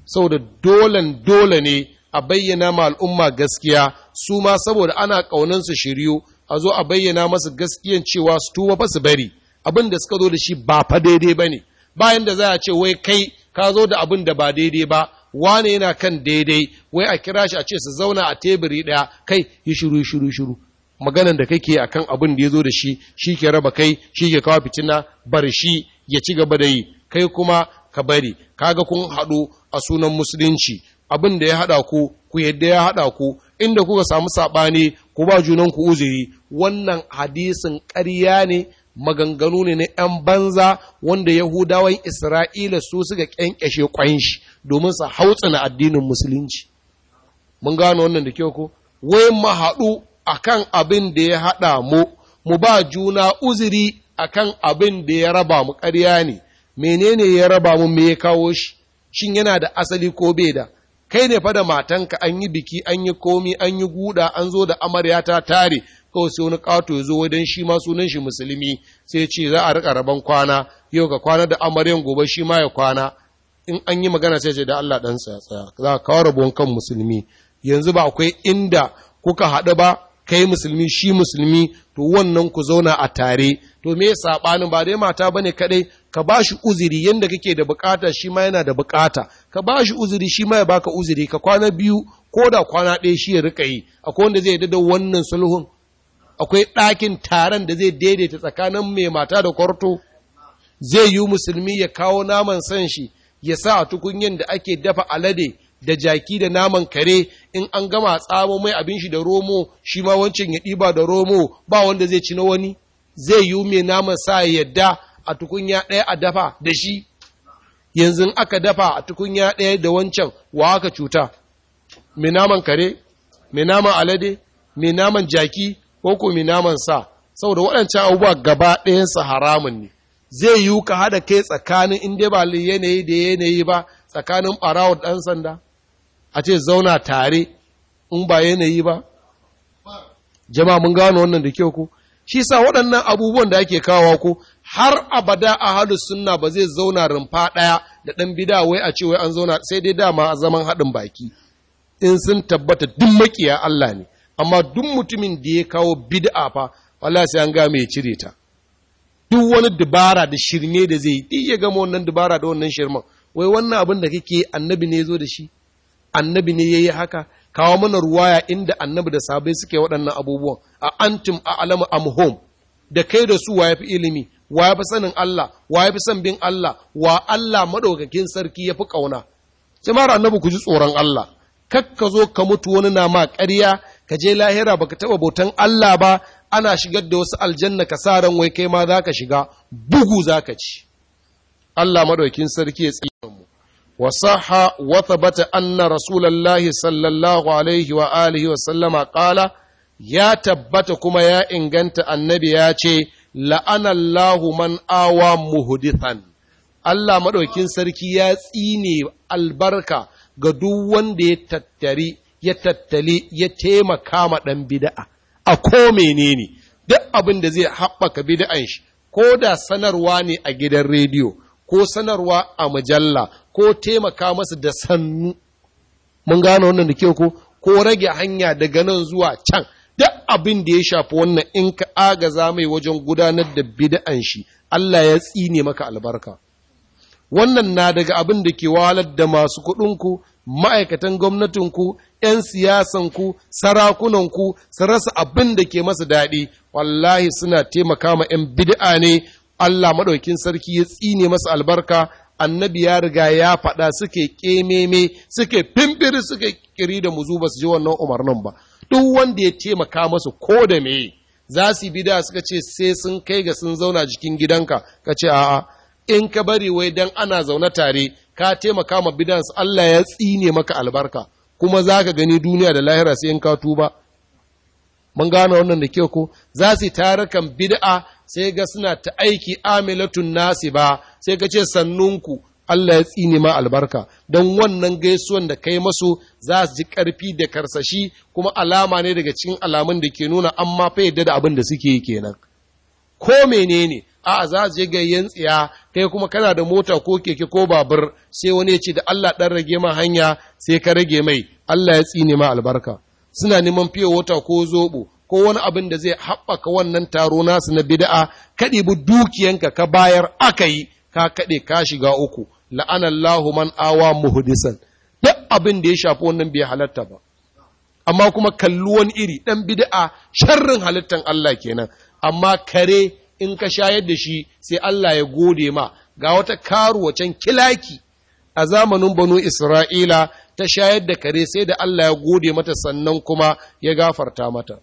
saboda dolen dole ne a bayyana ma al'umma gaskiya su ma saboda ana ƙaunansu shiryu a zo a bayyana masu gaskiyan cewa su tuba fa su bari abin da suka zo da shi ba fa daidai ba ne bayan da za a ce wai kai ka zo da abin da ba daidai ba wane yana kan daidai wai a kira shi a ce su zauna a teburi ɗaya kai yi shiru shiru shiru maganan da kake a kan abin da ya zo da shi shi ke raba kai shi ke kawo fitina bar shi ya ci gaba da yi kai kuma ka bari kaga kun haɗu a sunan musulunci abin da ya haɗa ku ku yadda ya haɗa ku inda kuka samu saɓani ku ba junan ku uzuri wannan hadisin ƙarya ne maganganu ne na ‘yan banza wanda Yahudawan Isra'ila su suka ƙyanƙyashe ƙwanshi domin su hautsana addinin musulunci mun gano wannan da kyau ko wai mu haɗu a kan abin da ya haɗa mu mu ba juna uzuri kan abin da ya raba mu ƙarya ne menene ya raba mu me ya kawo shi shin yana da asali ko bai da kai ne fa da matanka an yi biki an yi komi an yi guda an zo da amarya ta tare kawai sai wani ƙato ya zo wajen shi ma sunan shi musulmi sai ce za a riƙa rabon kwana yau ka kwana da amaryan gobe shi ma ya kwana in an yi magana sai ce da Allah dan tsaya za ka kawo rabuwan kan musulmi yanzu ba akwai inda kuka haɗu ba kai musulmi shi musulmi to wannan ku zauna a tare to me sabanin ba dai mata ba ne kadai ka bashi shi uzuri yanda kake da bukata shi ma yana da bukata ka bashi shi uzuri shi ma ya baka uzuri ka kwana biyu ko da kwana ɗaya shi ya rika yi akwai wanda zai da wannan sulhun akwai ɗakin taron da zai daidaita tsakanin mai mata da kwarto zai yi musulmi ya kawo naman san shi ya sa a tukunyin da ake dafa alade da jaki da naman kare in an gama tsamo mai abin shi da romo shi ma wancan ya ɗiba da romo ba wanda zai ci na wani zai yi mai naman sa ya yadda a tukunya ɗaya a dafa da shi yanzu aka dafa a tukunya ɗaya da wancan wa aka cuta mai naman kare mai naman alade mai naman jaki ko ko mai naman sa saboda waɗancan abubuwa gaba ɗayansa haramun ne zai yi ka haɗa kai tsakanin inda ba yanayi da yanayi ba tsakanin ɓarawar ɗan sanda a ce zauna tare in ba yanayi ba Jama mun gano wannan da kyau ko shi sa waɗannan abubuwan da ake kawo ko har abada a halu sunna ba zai zauna rumfa ɗaya da ɗan bida wai a ce wai an zauna sai dai dama a zaman haɗin baki in sun tabbata duk makiya Allah ne amma duk mutumin da ya kawo bid'a fa wallahi sai an ga mai cire ta duk wani dubara da shirme da zai yi ya gama wannan dubara da wannan shirman wai wannan abin da kake annabi ne zo da shi annabi ne yayi haka kawo mana ruwaya inda annabi da sabai suke waɗannan abubuwan a antum a alama a da kai da su waye fi ilimi waye fi sanin Allah waye fi son bin Allah wa Allah madaukakin sarki ya fi ƙauna jama'ar annabi ku ji tsoron Allah kakka zo ka mutu wani na ma ƙarya ka je lahira baka taba bautan Allah ba ana shigar da wasu aljanna ka sa ran wai kai ma za ka shiga bugu za ka ci Allah madaukin sarki ya tsira mu wa sahha wa thabata anna rasulullahi sallallahu alaihi wa alihi wa sallama qala ya tabbata kuma ya inganta annabi ya ce la'anallahu man awa muhdithan Allah madaukin sarki ya tsine albarka ga duk wanda ya tattari ya tattali ya taimaka ma ɗan bid'a a ko menene duk abin da zai haɓaka bid'an shi ko da sanarwa ne a gidan rediyo ko sanarwa a mujalla ko taimaka masa da sannu mun gane wannan da kyau ko ko rage hanya daga nan zuwa can duk abin da ya shafi wannan in ka agaza mai wajen gudanar da bid'an shi Allah ya tsine maka albarka wannan na daga abin da ke walar da masu kuɗinku ma'aikatan gwamnatinku, ‘yan siyasanku, sarakunanku, su rasa abin da ke masu daɗi, wallahi suna taimaka ma ‘yan bid'a ne, Allah maɗaukin sarki ya tsine masu albarka, annabi ya riga ya faɗa suke ƙememe, suke fimfiri suke ƙiri da muzu ba su ji wannan umarnin ba. Duk wanda ya taimaka masu ko da me za su bida suka ce sai sun kai ga sun zauna jikin gidanka, ka ce a'a. in ka bari wai dan ana zaune tare ka taimaka ma bidans Allah ya tsine maka albarka kuma za ka gani duniya da lahira sai in ka tuba mun gane wannan da kyau ko za su tarakan bid'a sai ga suna ta aiki amilatun nasi ba sai ka ce sannunku Allah ya tsine ma albarka don wannan gaisuwan da kai masu za su ji karfi da karsashi kuma alama ne daga cikin alamun da ke nuna an ma yadda da abin da suke yi kenan ko menene a za su je gayyen tsiya kai kuma kana da mota ko keke ko babur sai wani ya ce da Allah ɗan rage ma hanya sai ka rage mai Allah ya tsine ma albarka suna neman fiye wata ko zobo ko wani abin da zai haɓaka wannan taro nasu na bid'a ka ɗibi dukiyanka ka bayar aka yi ka kaɗe ka shiga uku la'anallahu man awa muhdisan duk abin da ya shafi wannan bai halatta ba amma kuma kalli wani iri ɗan bid'a sharrin halittan Allah kenan amma kare in ka shayar da shi sai Allah ya gode ma ga wata karuwa can kilaki a zamanin banu Isra'ila ta shayar da kare sai da Allah ya gode mata sannan kuma ya gafarta mata.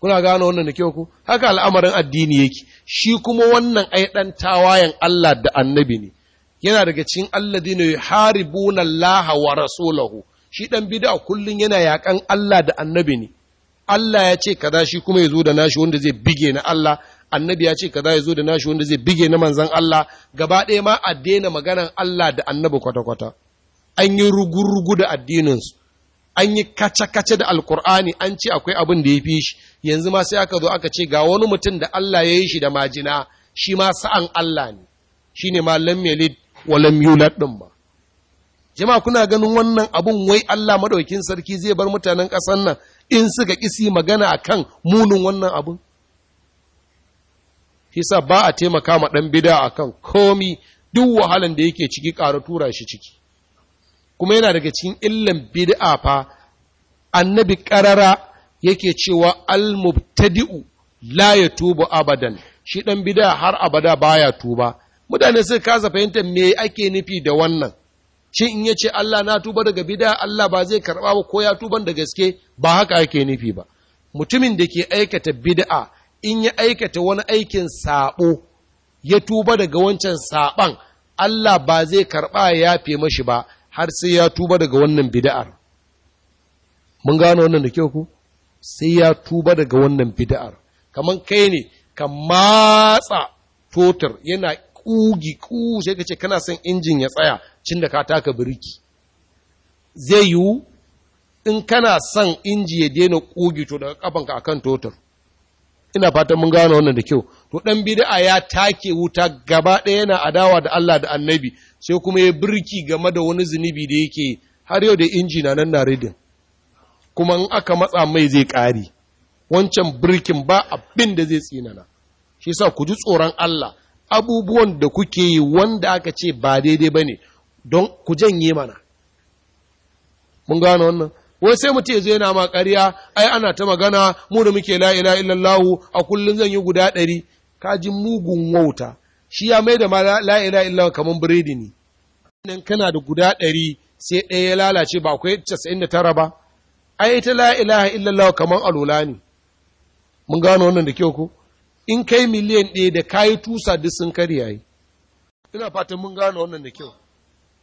Kuna gano wannan da kyau ku? Haka al'amarin addini yake, shi kuma wannan ai ɗan tawayen Allah da annabi ne, yana daga cikin Allah dina haribunan laha lahawa rasulahu, shi ɗan bida kullum yana yaƙan Allah da annabi ne. Allah ya ce kaza shi kuma ya zo da nashi wanda zai bige na Allah annabi ya ce kaza ya zo da nashi wanda zai bige na manzan Allah gaba ɗaya ma a daina maganan Allah da annabi kwata-kwata an yi rugu-rugu da addininsu an yi kace-kace da alkur'ani an ce akwai abin da ya fi shi yanzu ma sai aka zo aka ce ga wani mutum da Allah ya yi shi da majina shi ma sa'an Allah ne shi ne ma lam yalid wa lam yulad ba jama'a kuna ganin wannan abun wai Allah madaukin sarki zai bar mutanen ƙasar nan in suka kisi magana a kan munin wannan abun Hisa ba a taimaka ma ɗan bida kan komi duk wahalan da yake ciki ƙara tura shi ciki kuma yana daga cikin illan bid'a fa annabi ƙarara yake cewa almubtadi'u mubtadiu la tuba abadan shi ɗan bid'a har abada baya tuba mutane suka kasa fahimtar me ake nufi da wannan shi in yace Allah na tuba daga bid'a Allah ba zai karba ba ko ya tuban da gaske ba haka yake nufi ba mutumin da ke aikata bid'a in ya aikata wani aikin sabo ya tuba daga wancan saban Allah ba zai karba ya yafe mashi ba har sai ya tuba daga wannan bid'ar mun gano wannan da kyau ku sai ya tuba daga wannan bid'ar kaman kai ne ka matsa totar yana kugi ku sai ka ce kana son injin ya tsaya cin da ka taka birki zai yiwu in kana son inji ya daina ƙugi to daga a akan totar ina fatan mun gano wannan da kyau to dan bid'a ya take wuta gaba ɗaya yana adawa da Allah da Annabi sai kuma ya birki game da wani zunubi da yake har yau da inji na nan na ridin kuma in aka matsa mai zai ƙari wancan birkin ba abin da zai tsinana shi yasa ku ji tsoron Allah abubuwan da kuke yi wanda aka ce ba daidai bane don ku janye mana mun gane wannan wai sai mutum ya zo yana ma ƙarya ai ana ta magana mu da muke la illallahu a kullun zan yi guda ɗari ka ji mugun wauta shi ya mai da ma la illallahu kamar biredi ne nan kana da guda ɗari sai ɗaya ya lalace ba akwai casa'in da tara ba ai ta la ilaha illallahu kamar alula ne mun gane wannan da kyau ko in kai miliyan ɗaya da kayi tusa duk sun karyaye? ina fatan mun gane wannan da kyau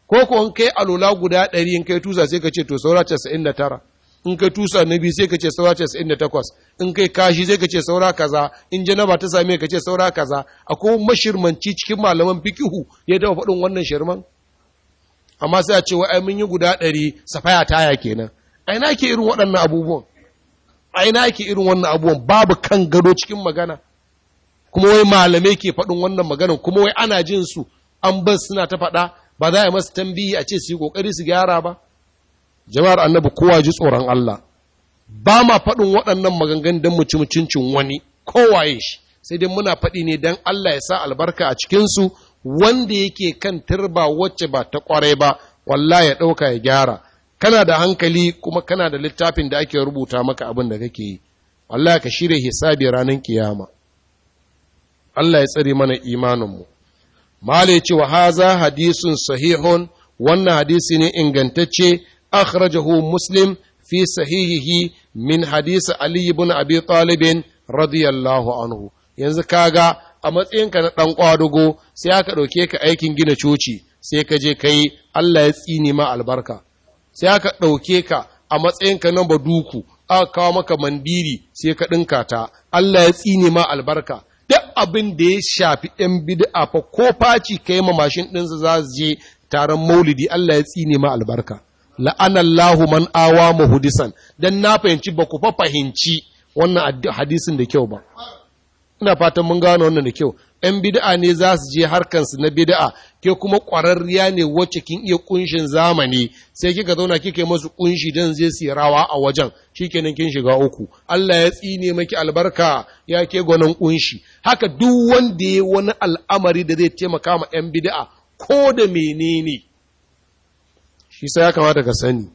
ko ko in kai alola guda ɗari in kai tusa sai ka ce to saura casa'in da tara in kai tusa na biyu sai ka ce saura casa'in da takwas in kai kashi sai ka ce saura kaza in janaba ta same ka ce saura kaza akwai mashirmanci cikin malaman fikihu ya taɓa faɗin wannan shirman amma sai a ce wa ai mun yi guda ɗari safaya taya kenan a ina ke irin waɗannan abubuwan a ina ke irin wannan abubuwan babu kan gado cikin magana kuma wai malamai ke faɗin wannan maganan kuma wai ana jin su an bar suna ta faɗa ba za a masu tambihi a ce su yi kokari su gyara ba jama'ar annabi kowa ji tsoron Allah ba ma faɗin waɗannan magangan don mu ci mutuncin wani kowaye shi sai dai muna faɗi ne don Allah ya sa albarka a cikinsu wanda yake kan turba wacce ba ta ƙwarai ba walla ya ɗauka ya gyara kana da hankali kuma kana da littafin da ake rubuta maka abin da kake yi Allah ka shirya hisabi ranar kiyama Allah ya tsare mana imaninmu mala ce wa haza hadisun sahihun wannan hadisi ne ingantacce akhrajahu muslim fi sahihihi min hadisi ali ibn abi talib radiyallahu anhu yanzu kaga a matsayinka na ɗan kwadugo sai aka ɗauke ka aikin gina coci sai ka je kai Allah ya tsini ma albarka sai aka ɗauke ka a matsayinka na baduku aka kawo maka mandiri sai ka ɗinka ta Allah ya tsini ma albarka duk abin da ya shafi ɗan bid'a fa ko faci ka yi mashin ɗinsa za su je taron maulidi Allah ya tsine ma albarka. La'anallahu man awa mahudisan, don na fahimci ba ku fa fahimci wannan hadisin da kyau ba. Ina fatan mun gano wannan da kyau, 'yan bid'a ne za su je harkansu na bid'a ke kuma ƙwararriya ne wacce kin iya ƙunshin zamani sai kika zauna kika yi masu ƙunshi don zai su rawa a wajen shi kenan kin shiga uku Allah ya tsine maki albarka ya ke gwanin ƙunshi haka duk wanda ya wani al'amari da zai taimaka ma 'yan bid'a ko da menene shi sai ya kamata ka sani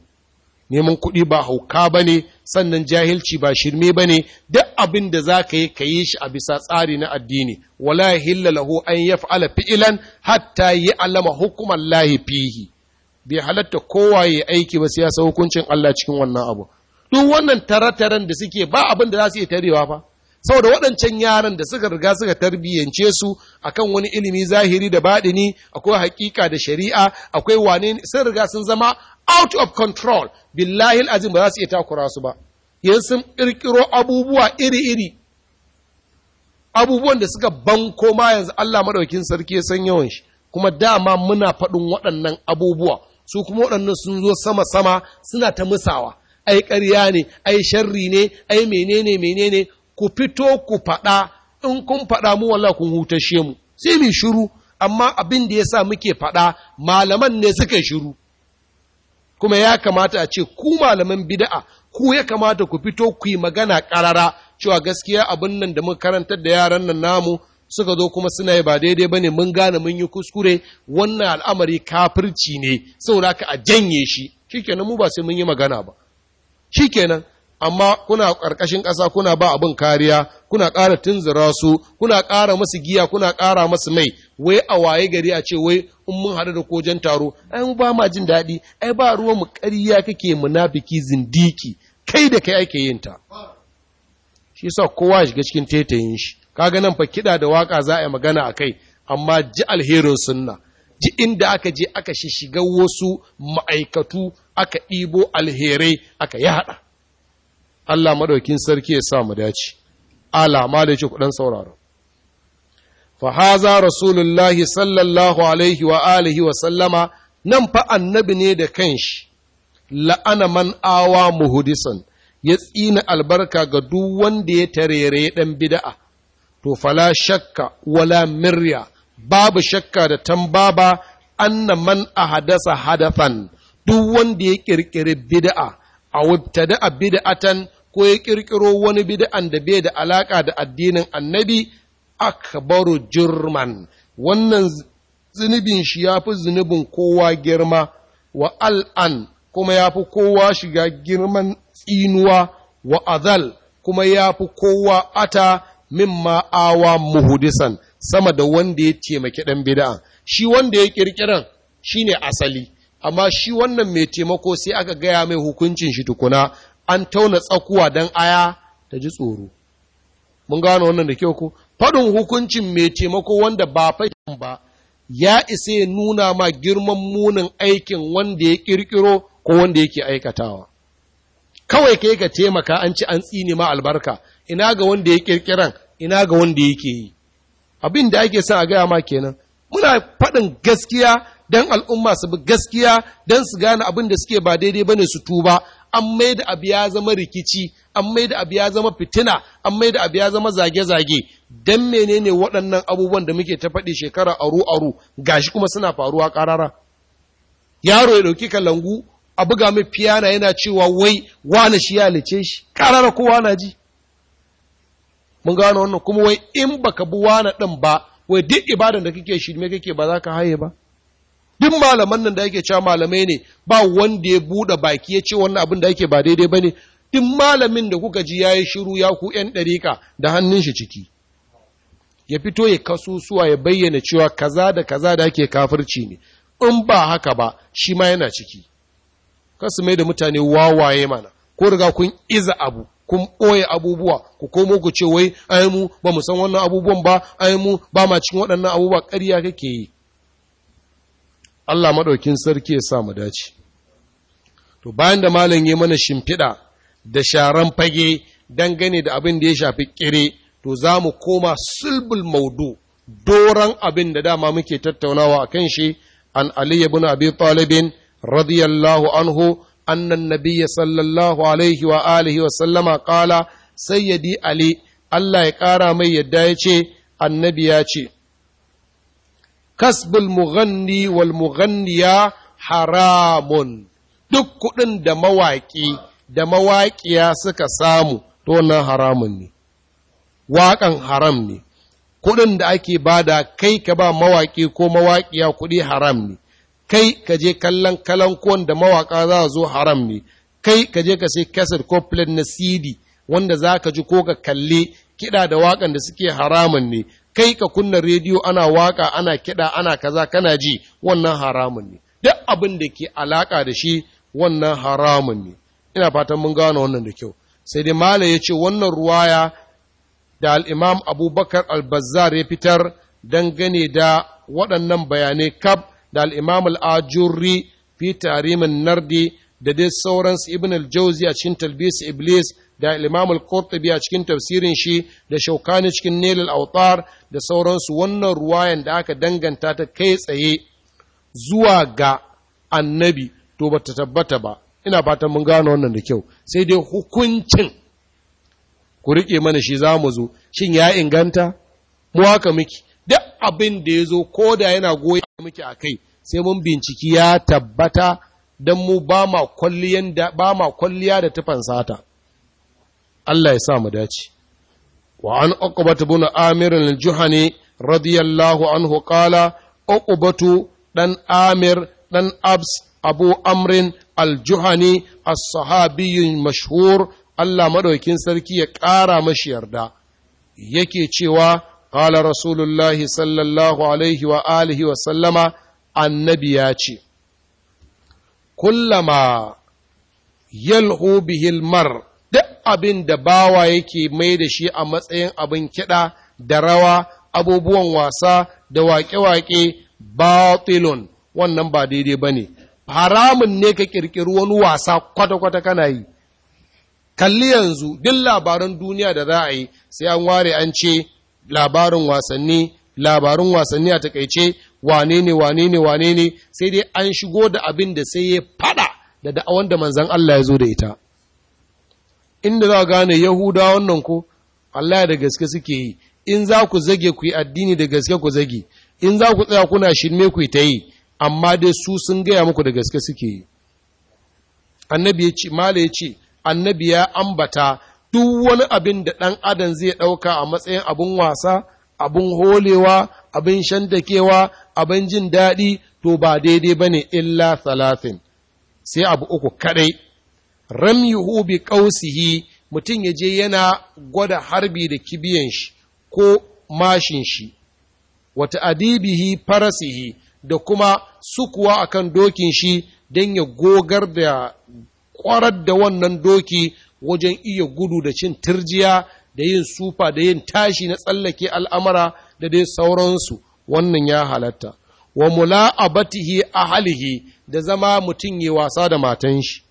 neman kuɗi ba hauka ba ne sannan jahilci ba shirme ba ne duk abin da za ka yi ka yi shi a bisa tsari na addini wala hilla lahu an ya fa'ala fi'ilan hatta yi alama hukumar lahi fihi bai halatta kowa ya aiki ba siyasa hukuncin Allah cikin wannan abu duk wannan tarataren da suke ba abin da za su iya tarewa fa saboda waɗancan yaran da suka riga suka tarbiyyance su akan wani ilimi zahiri da baɗini akwai hakika da shari'a akwai wane sun riga sun zama out of control billahi azim ba za su iya takura su ba yanzu sun ƙirƙiro abubuwa iri-iri abubuwan da suka banko ma yanzu Allah maɗaukin sarki ya san yawan shi kuma dama muna faɗin waɗannan abubuwa su kuma waɗannan sun zo sama-sama suna ta musawa ai ƙarya ne ai sharri ne ai menene menene ku fito ku faɗa in kun faɗa mu wallah kun hutashe mu sai mu shiru amma abin da yasa muke faɗa malaman ne suka shiru kuma ya kamata a ce ku malaman bida'a ku ya kamata ku fito ku yi magana ƙarara cewa gaskiya abin nan da muka karantar da yaran nan namu suka zo kuma suna yi ba daidai bane mun gane mun yi kuskure wannan al'amari kafirci ne saboda ka a janye shi shikenan mu ba sai mun yi magana ba shikenan amma kuna ƙarƙashin ƙasa kuna ba abin kariya kuna ƙara tunzura su kuna ƙara masu giya kuna ƙara masu mai wai a waye gari a ce wai in mun haɗu da kojan taro ai mu ba ma jin daɗi ai ba ruwan mu ƙarya kake munafiki zindiki kai da kai ake yin ta shi yasa kowa shiga cikin tetayin shi kaga nan fa kiɗa da waka za a yi magana a kai amma ji alherin sunna ji inda aka je aka shiga wasu ma'aikatu aka ɗibo alherai aka yaɗa Allah madaukin sarki ya sa mu dace ala ma da yake kudan sauraro fa haza rasulullahi sallallahu alaihi wa alihi wa sallama nan fa annabi ne da kanshi la'ana man awa muhdisan ya tsina albarka ga duk wanda ya tarere dan bid'a to fala shakka wala mirya babu shakka da tambaba anna man ahadasa hadafan duk wanda ya kirkire bid'a a a bid'atan ko ya ƙirƙiro wani bid'an da bai da alaƙa da addinin annabi akbaru jirman wannan zunubin shi ya fi zunubin kowa girma wa al'an kuma ya fi kowa shiga girman tsinuwa wa azal kuma ya fi kowa ata mimma awa muhudisan sama da wanda ya taimaki ɗan bida'a shi wanda ya ƙirƙiran shi ne asali amma shi wannan mai taimako sai aka gaya mai hukuncin shi tukuna an tauna tsakuwa don aya ta ji tsoro mun gano wannan da kyau ko faɗin hukuncin mai taimako wanda ba fashin ba ya isa ya nuna ma girman munin aikin wanda ya ƙirƙiro ko wanda yake aikatawa kawai kai ka taimaka an ci an tsini ma albarka ina ga wanda ya ƙirƙiran ina ga wanda yake yi abin da ake son a gaya ma kenan muna faɗin gaskiya don al'umma su bi gaskiya don su gane abin da suke ba daidai ba ne su tuba an mai da abu ya zama rikici an mai da abu ya zama fitina an mai da abu ya zama zage-zage don menene waɗannan abubuwan da muke ta faɗi shekara aru-aru gashi kuma suna faruwa ƙarara yaro ya ɗauki kalangu a buga mai fiyana yana cewa wai wane shi ya lice shi ƙarara kowa na ji mun gano wannan kuma wai in baka bi wane ɗin ba wai duk ibadan da kake shi me kake ba za ka haye ba duk malaman nan da yake cewa malamai ne ba wanda ya buɗe baki ya ce wannan abin da yake ba daidai ba ne duk malamin da kuka ji ya yi shiru ya ku ‘yan ɗarika da hannun shi ciki ya fito ya kasusuwa ya bayyana cewa kaza da kaza da ake kafirci ne in ba haka ba shi ma yana ciki kasu mai da mutane wawaye mana ko riga kun iza abu kun ɓoye abubuwa ku komo ku ce wai ai mu ba mu san wannan abubuwan ba ai mu ba ma cikin waɗannan abubuwa ƙarya kake yi Allah maɗaukin sarki ya sa mu dace to bayan da malam ya mana shimfiɗa da sharan fage dangane da abin da ya shafi ƙire to za mu koma sulbul maudu doron abin da dama muke tattaunawa a kan shi an Ali ibn Abi Talibin radiyallahu anhu annan nabiyya sallallahu alaihi wa alihi wa sallama qala sayyidi Ali Allah ya ƙara mai yadda ya ce annabi ya ce kasbul mughanni wal haramun duk kuɗin da mawaƙi da mawaƙiya suka samu to wannan haramun ne waƙan haram ne kuɗin da ake bada kai ka ba mawaƙi ko mawaƙiya kuɗi haram ne kai ka je kallon kalankuwan da mawaƙa za zo haram ne kai ka je ka sai kasar ko na cd wanda za ka ji ko ka kalli kiɗa da waƙan da suke haramun ne kai ka kunna rediyo ana waka ana kiɗa ana kaza kana ji wannan haramun ne duk abin da ke alaka da shi wannan haramun ne ina fatan mun gano wannan da kyau sai dai mala ya ce wannan ruwaya da al'imam abubakar al-bazzar ya fitar dangane da waɗannan bayanai kab da al'imam al'ajurri fi tarimin nardi da dai sauransu ibn al-jauzi a cikin talbis iblis da Imam al-Qurtubi a cikin tafsirin shi da Shawkani cikin al Awtar da sauransu wannan ruwayan da aka danganta ta kai tsaye zuwa ga annabi to bata tabbata ba ina fatan mun gano wannan da kyau sai dai hukuncin ku rike mana shi za mu zo shin ya inganta mu haka miki duk abin da ya zo ko da yana goyi miki a kai sai mun binciki ya tabbata don mu ba ma kwalliya da tufan sata. Allah ya sa mu dace wa an uqbatu bin amir al-juhani radiyallahu anhu qala uqbatu dan amir dan abs abu amrin al-juhani as-sahabiyyun mashhur Allah madaukin sarki ya ƙara mashi yarda yake cewa qala rasulullahi sallallahu alaihi wa alihi wa sallama annabi ya ce kullama yalhu bihil mar abin da bawa yake mai da shi a matsayin abin kiɗa da rawa abubuwan wasa da waƙe-waƙe batilun wannan ba daidai ba ne haramun ne ka ƙirƙiri wani wasa kwata-kwata kana yi kalli yanzu duk labaran duniya da za a yi sai an ware an ce labarin wasanni labarin wasanni a takaice wane ne wane ne wane ne sai dai an shigo da abin da sai ya fada da da'awan da manzan Allah ya zo da ita inda za gane yahuda wannan ko Allah da gaske suke yi in za ku zage ku yi addini da gaske ku zage in za ku tsaya kuna shirme ku ta yi amma dai su sun gaya muku da gaske suke yi annabi ya ce mala ya ce annabi ya ambata duk wani abin da ɗan adam zai ɗauka a matsayin abin wasa abin holewa abin shantakewa abin jin daɗi to ba daidai ba ne illa salatin sai abu uku kaɗai ramyuhu bi qausihi mutum ya je yana gwada harbi da kibiyan shi ko mashin shi wata adibihi farasihi da kuma sukuwa akan dokin shi don ya gogar da kwarar da wannan doki wajen iya gudu da cin turjiya da yin sufa da yin tashi na tsallake al'amara da dai sauransu wannan ya halatta wa mula'abatihi halihi da zama mutum ya wasa da matan shi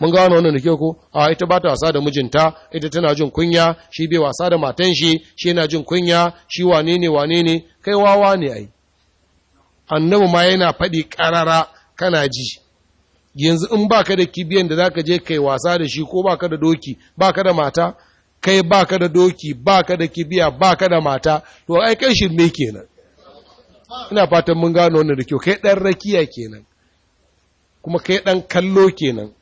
mun ga wannan da ke ko a ita ba ta wasa da mijinta ita tana jin kunya shi bai wasa da matan shi shi yana jin kunya shi wane ne wane ne kai wawa ne ai annabi ma yana faɗi karara kana ji yanzu in baka da kibiyan da zaka je kai wasa da shi ko baka da doki baka da mata kai baka da doki baka da kibiya baka da mata to ai kai shirme kenan ina fatan mun gano wannan da kyau kai dan rakiya kenan kuma kai dan kallo kenan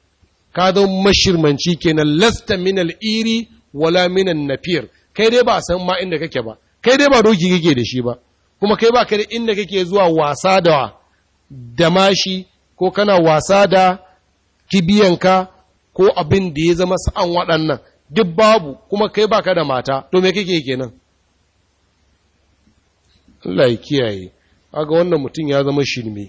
ka zo mashirmanci kenan lasta min iri wala min nafir kai dai ba san ma inda kake ba kai dai ba doki kake da shi ba kuma kai ba ka da inda kake zuwa wasa da damashi ko kana wasa da kibiyanka ko abin da ya zama sa'an waɗannan duk babu kuma kai ba ka da mata to me kake kenan Allah ya kiyaye wannan mutum ya zama shirme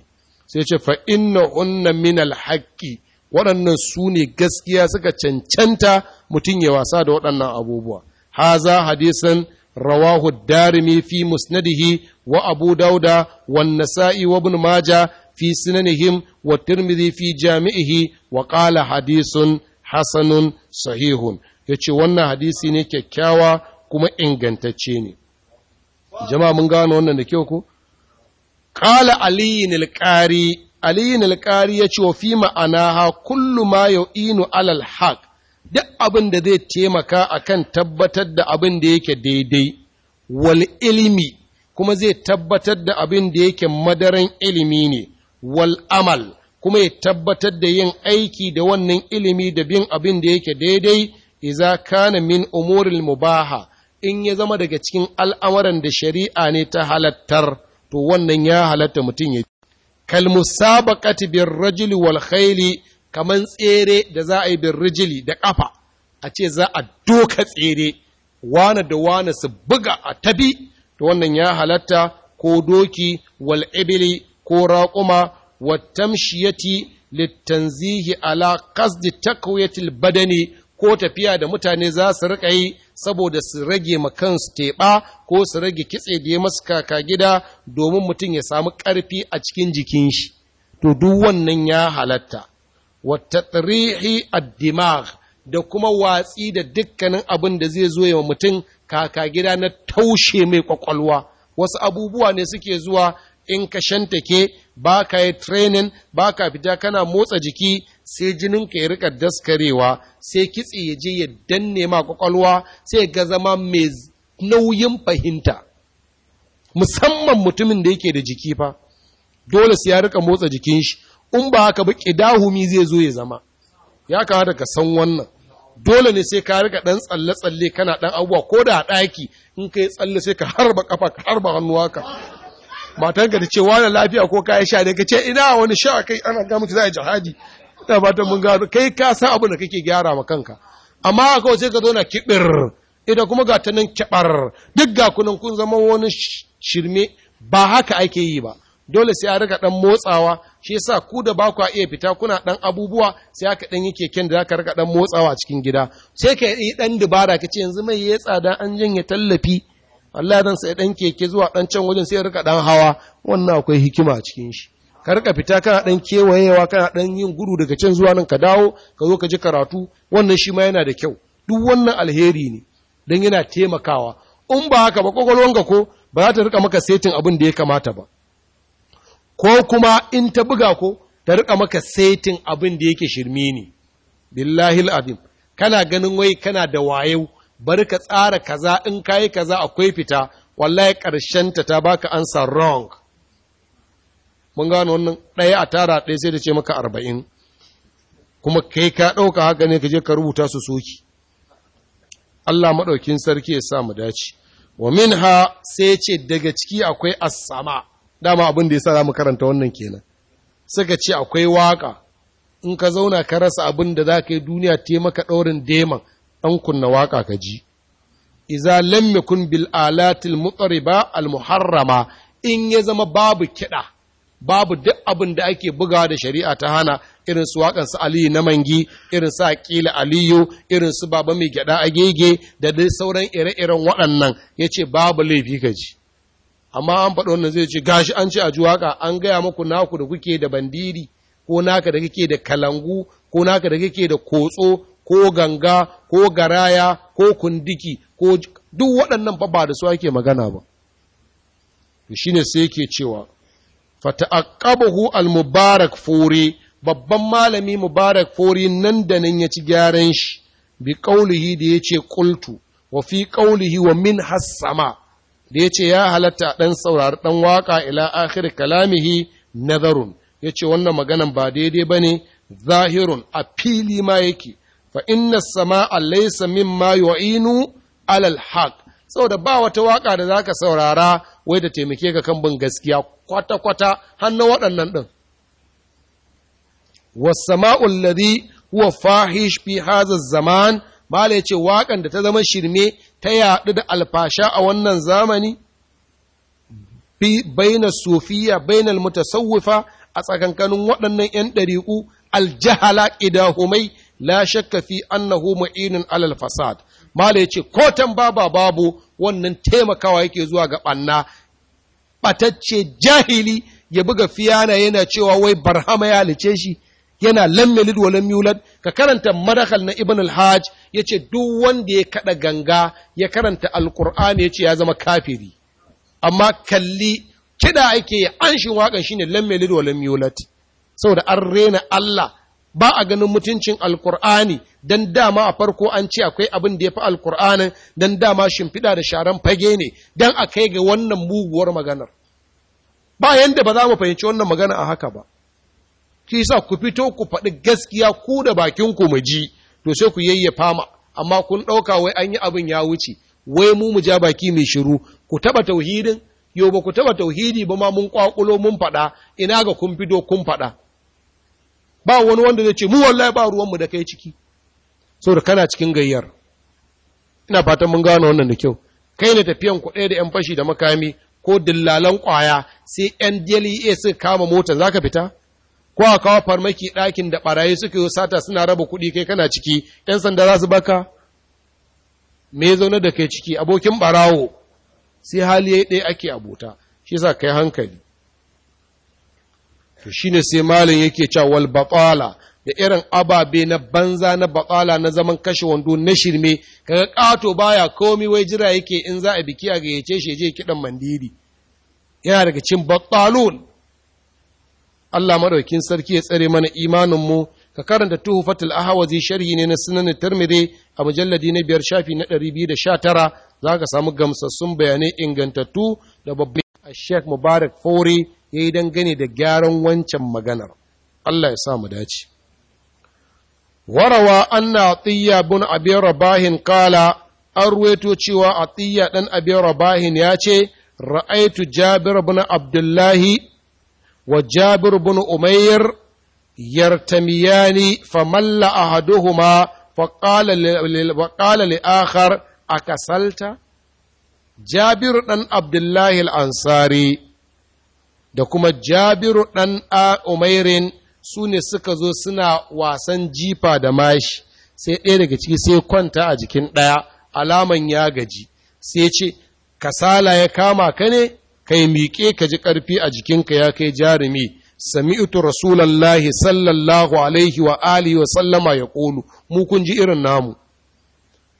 sai ce fa inna unna min alhaqi waɗannan su ne gaskiya suka cancanta mutum ya wasa da waɗannan abubuwa haza hadisan rawahu darimi fi musnadihi wa abu dauda wa nasa'i wa ibn maja fi sinanihim wa tirmidhi fi jami'ihi wa ƙala hadisun hasanun sahihun yace wannan hadisi ne kyakkyawa kuma ingantacce ne jama'a mun gano wannan da kyau ko qala aliyin alqari aliyin alƙari ya ce wa fi ha kullu ma inu alal haq duk abin da zai taimaka akan tabbatar da abin da yake daidai wal ilimi kuma zai tabbatar da abin da yake madaran ilimi ne wal amal kuma ya tabbatar da yin aiki da wannan ilimi da bin abin da yake daidai iza kana min umuril mubaha in ya zama daga cikin al'amuran da shari'a ne ta halattar to wannan ya halatta mutum ya kalmusabaqati rajuli wal khayli kaman tsere da za a yi rajuli da kafa a ce za a doka tsere wane da wane su buga a tabi to wannan ya halatta ko doki wal ibili ko raƙuma wa tamshiyati litanzihi ala qasdi takwiyatil badani ko tafiya da mutane za su riƙa yi saboda su rage ma kansu teɓa ko su rage kitse da ya masu kaka gida domin mutum ya samu ƙarfi a cikin jikin shi to duk wannan ya halatta wata a addimag da kuma watsi da dukkanin abin da zai zo ya mutum kaka gida na taushe mai kwakwalwa wasu abubuwa ne suke zuwa in ka shantake ba ka yi training ba ka fita kana motsa jiki sai jinin ka ya rika daskarewa sai kitse ya je ya danne ma kwakwalwa sai ga zama mai nauyin fahimta musamman mutumin da yake da jiki fa dole sai ya rika motsa jikin shi in ba haka ba kidahumi zai zo ya zama ya kamata ka san wannan dole ne sai ka rika dan tsalle-tsalle kana dan abubuwa ko da daki in ka yi tsalle sai ka harba kafa ka harba hannuwa ka matanka ta ce wani lafiya ko kayan sha ne ka ce ina wani sha kai ana gama mutu za a jihadi ba ta mun gano kai ka san abin da kake gyara wa kanka amma kawai sai ka zo na kibir ita kuma ga ta nan kibar duk ga kunan kun zama wani shirme ba haka ake yi ba dole sai a rika dan motsawa shi yasa ku da ba ku iya fita kuna dan abubuwa sai aka dan yi keken da zaka rika dan motsawa a cikin gida sai ka yi dan dubara kace yanzu mai ya tsada an janye tallafi Allah dan sai dan keke zuwa dan can wajen sai rika dan hawa wannan akwai hikima a cikin shi ka rika fita kana dan kewayewa kana dan yin gudu daga can zuwa nan ka dawo ka zo ka ji karatu wannan shi ma yana da kyau duk wannan alheri ne dan yana taimakawa in ba haka ba kwakwalwanka ko ba za ta rika maka setin abin da ya kamata ba ko kuma in ta buga ko ta rika maka setin abin da yake shirme ne billahi al'adim kana ganin wai kana da wayo bari ka tsara kaza in kayi kaza akwai fita wallahi karshen ta ta baka ansa wrong mun gano wannan ɗaya a tara ɗaya sai da ce maka arba'in kuma kai ka ɗauka haka ne ka je ka rubuta su soki Allah maɗaukin sarki ya sa mu dace wa minha sai ce daga ciki akwai asama dama abin da ya sa za mu karanta wannan kenan suka ce akwai waka in ka zauna ka rasa abin da za ka yi duniya te maka ɗaurin deman ɗan kunna waka ka ji iza lammikun bil alatil muqriba al muharrama in ya zama babu kiɗa babu duk abin da ake buga da shari'a ta hana irin su waƙan su aliyu na mangi irin su aƙila aliyu irin su baba mai gyaɗa a gege da dai sauran ire-iren waɗannan ya ce babu laifi ka ji amma an faɗi wannan zai ce gashi an ce a ji waƙa an gaya muku naku da kuke da bandiri ko naka da kake da kalangu ko naka da kake da kotso ko ganga ko garaya ko kundiki ko duk waɗannan fa ba da su ake magana ba shine sai yake cewa fata'aqqabahu al-mubarak furi babban malami mubarak furi nan da nan ya ci gyaran shi bi qaulihi da yace qultu wa fi qaulihi wa min hasama da yace ya halatta ɗan saurari ɗan waka ila akhir kalamihi nazarun yace wannan maganan ba daidai bane zahirun a fili ma yake fa inna sama'a laysa mimma yu'inu alal haq saboda ba wata waka da zaka saurara wai da taimake ka kan bin gaskiya kwata-kwata hannun waɗannan ɗin ma’ul ladhi huwa fahish fi hadha zaman yace waƙan da ta zama shirme ta yaɗu da alfasha a wannan zamani baina sufiya baina mutasawwifa a tsakankanin waɗannan 'yan ɗariƙu aljahala idahumai la shakka fi annahu mu'inun alal fasad mala yace ko tan baba babu wannan taimakawa yake zuwa ga ɓanna tabbatacce jahili ya buga fiyana yana cewa wai barhama ya halice shi yana lamme yalid wa ka karanta madakhal na ibn al-hajj yace duk wanda ya kada ganga ya karanta alqur'ani yace ya zama kafiri amma kalli kida ake anshin wakan shine lamme yalid wa lam yulad saboda an rena Allah ba a ganin mutuncin alkur'ani don dama a farko an ce akwai abin da ya fi alkur'anin don dama shimfiɗa da sharan fage ne don a kai ga wannan muguwar maganar ba yadda ba za mu fahimci wannan magana a haka ba ki sa ku fito ku faɗi gaskiya ku da bakin ku mu ji to sai ku yayye fama. amma kun ɗauka wai an yi abin ya wuce wai mu mu ja baki mai shiru ku taɓa tauhidin yau ba ku taɓa tauhidi ba ma mun ƙwaƙulo mun faɗa ina ga kun fito kun faɗa ba wani wanda zai ce mu wallahi ba ruwanmu da kai ciki saboda kana cikin gayyar ina fatan mun gano wannan da kyau kai ne tafiyan ku da yan fashi da makami ko dillalan ƙwaya sai yan dla e suka kama mota zaka fita ko a kawo farmaki ɗakin da ɓarayi suka yi sata suna raba kuɗi kai kana ciki yan sanda za su baka me zaune da kai ciki abokin barawo sai hali ɗaya ake abota shi sa kai hankali to shine sai malin yake cewa wal batala da irin ababe na banza na batala na zaman kashe wando na shirme kaga kato baya komi wai jira yake in za a biki a gayyace shi je kidan mandiri yana daga cin batalun Allah madaukin sarki ya tsare mana imanin mu ka karanta tuhufatul ahawazi sharhi ne na sunan tirmidhi a mujalladi na biyar shafi na 219 zaka samu gamsassun bayanai ingantattu da babban Sheikh Mubarak Fauri ya yi dangane da gyaran wancan maganar Allah ya sa mu dace warawa anna atiyya bin abi rabahin qala an ruwaito cewa atiyya dan abi rabahin ya ce ra'aitu jabir bin abdullahi wa jabir bin umair yartamiyani famalla ahaduhuma فقال لآخر أكسلت جابر بن abdullahi الله ansari da kuma jabiru ɗan a umairin su ne suka zo suna wasan jifa da mashi sai ɗaya daga ciki sai kwanta a jikin ɗaya alaman ya gaji sai ce kasala ya kama ka ne ka yi miƙe ka ji ƙarfi a jikinka ya kai jarumi sami'utu rasulallahi sallallahu alaihi wa alihi wa sallama ya ƙolu mu kun ji irin namu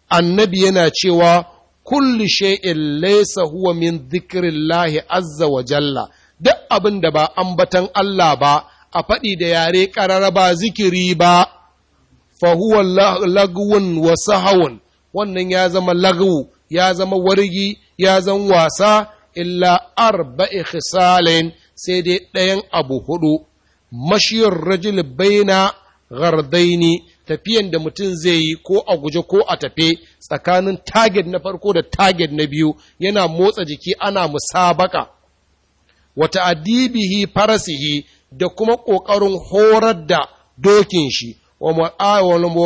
annabi yana cewa kulli shay'in laysa huwa min dhikrillahi azza wa jalla duk abin da ba ambatan Allah ba a faɗi da yare ƙarara ba zikiri ba fahuwar lagwun wa sahawun wannan ya zama lagwu ya zama wargi ya zan wasa illa arba'i khisalin sai dai ɗayan abu hudu mashiyar rajul baina gardaini tafiyan da mutum zai yi ko a guje ko a tafe tsakanin target na farko da target na biyu yana motsa jiki ana musabaka Wata adibihi farasihi da kuma ƙoƙarin horar da dokin shi wa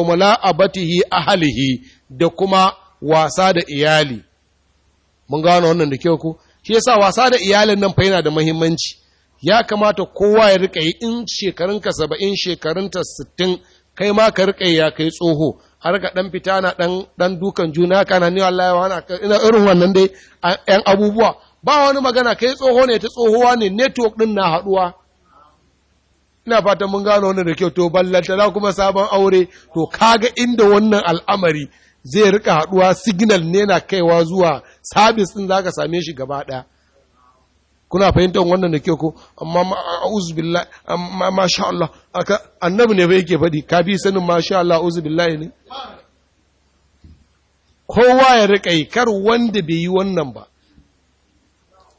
mula'abatihi ahalihi da kuma wasa da iyali mun gano wannan da kyau ku shi yasa wasa da iyalin nan fa yana da muhimmanci ya kamata kowa ya rika yi in shekarunka saba'in shekarunta sittin kai ma ka rika ya kai tsoho har ka dan fita na dan dukan juna kana ni wallahi wa ana irin wannan dai yan abubuwa ba wani magana kai tsoho ne ta tsohowa ne network ɗin na haɗuwa ina fatan mun gano wannan da kyau to ballanta. ballantana kuma sabon aure to kaga inda wannan al'amari zai rika haduwa signal ne na kaiwa zuwa service din zaka same shi gaba daya kuna fahimtar wannan da kyau ko amma a'udhu billahi amma masha Allah aka annabi ne bai yake fadi ka bi sanin masha Allah a'udhu billahi ne kowa ya rika yi kar wanda bai yi wannan ba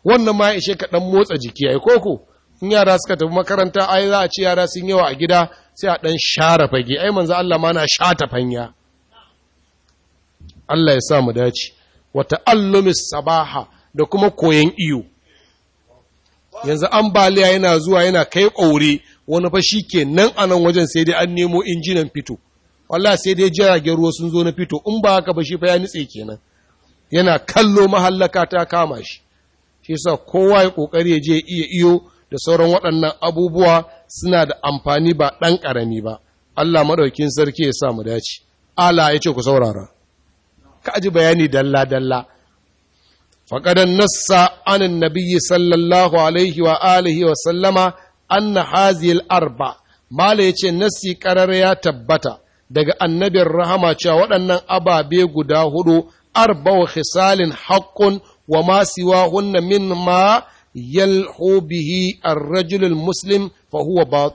wannan ma ishe ka dan motsa jiki ai koko in yara suka tafi makaranta ai za a ci yara sun yawa a gida sai a dan share fage ai manzo Allah ma na shata fanya Allah ya sa mu dace wa ta'allumi sabaha da kuma koyan iyo yanzu ambaliya yana zuwa yana kai kaure wani fa ke nan anan wajen sai dai an nemo injinan fito wallahi sai dai jiragen ruwa sun zo na fito in ba haka ba shi fa ya nitse kenan yana kallo mahallaka ta kama shi shi sa kowa ya kokari ya je iya iyo da sauran waɗannan abubuwa suna da amfani ba ɗan ƙarami ba Allah maɗaukin sarki ya sa mu dace Allah ya ce ku saurara ka ji bayani dalla dalla faqad nassa an annabiyyi sallallahu alaihi wa alihi wa sallama anna hazil arba mala yace nassi qarar ya tabbata daga annabin rahama cewa waɗannan ababe guda hudu arba wa khisalin haqqun wa ma siwahunna min ma yalhu bihi ar-rajul muslim fa huwa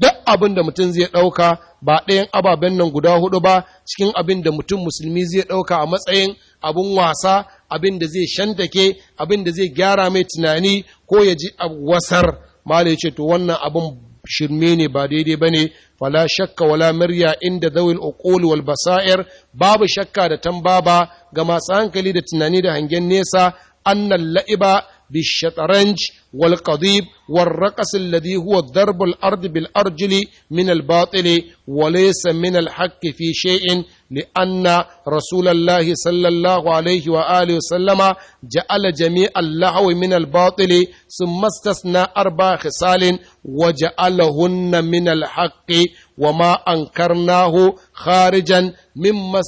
duk abin da mutum zai ɗauka ba ɗayan ababen nan guda hudu ba cikin abin da mutum musulmi zai ɗauka a matsayin abin wasa abin da zai shantake abin da zai gyara mai tunani ko ya ji wasar mala ce to wannan abin shirme ne ba daidai ba ne fala shakka wala murya inda zawil uqul wal basair babu shakka da tambaba ga masu hankali da tunani da hangen nesa annan la'iba bi shataranj wal qadib huwa darb al bil arjli min al batil wa laysa min al haqq ja'ala jami' al lahw min al batil thumma istasna arba khisal wa ja'alahunna min kharijan mimma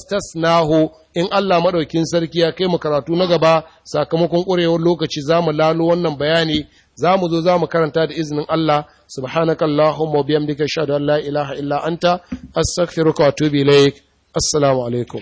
in Allah maɗaukin sarki ya kai mu karatu na gaba sakamakon ƙurewar lokaci za mu lalo wannan bayani za mu zo za mu karanta da izinin Allah subhanaka Allahumma wa bihamdika ashhadu an ilaha illa anta astaghfiruka wa atubu ilaik assalamu alaikum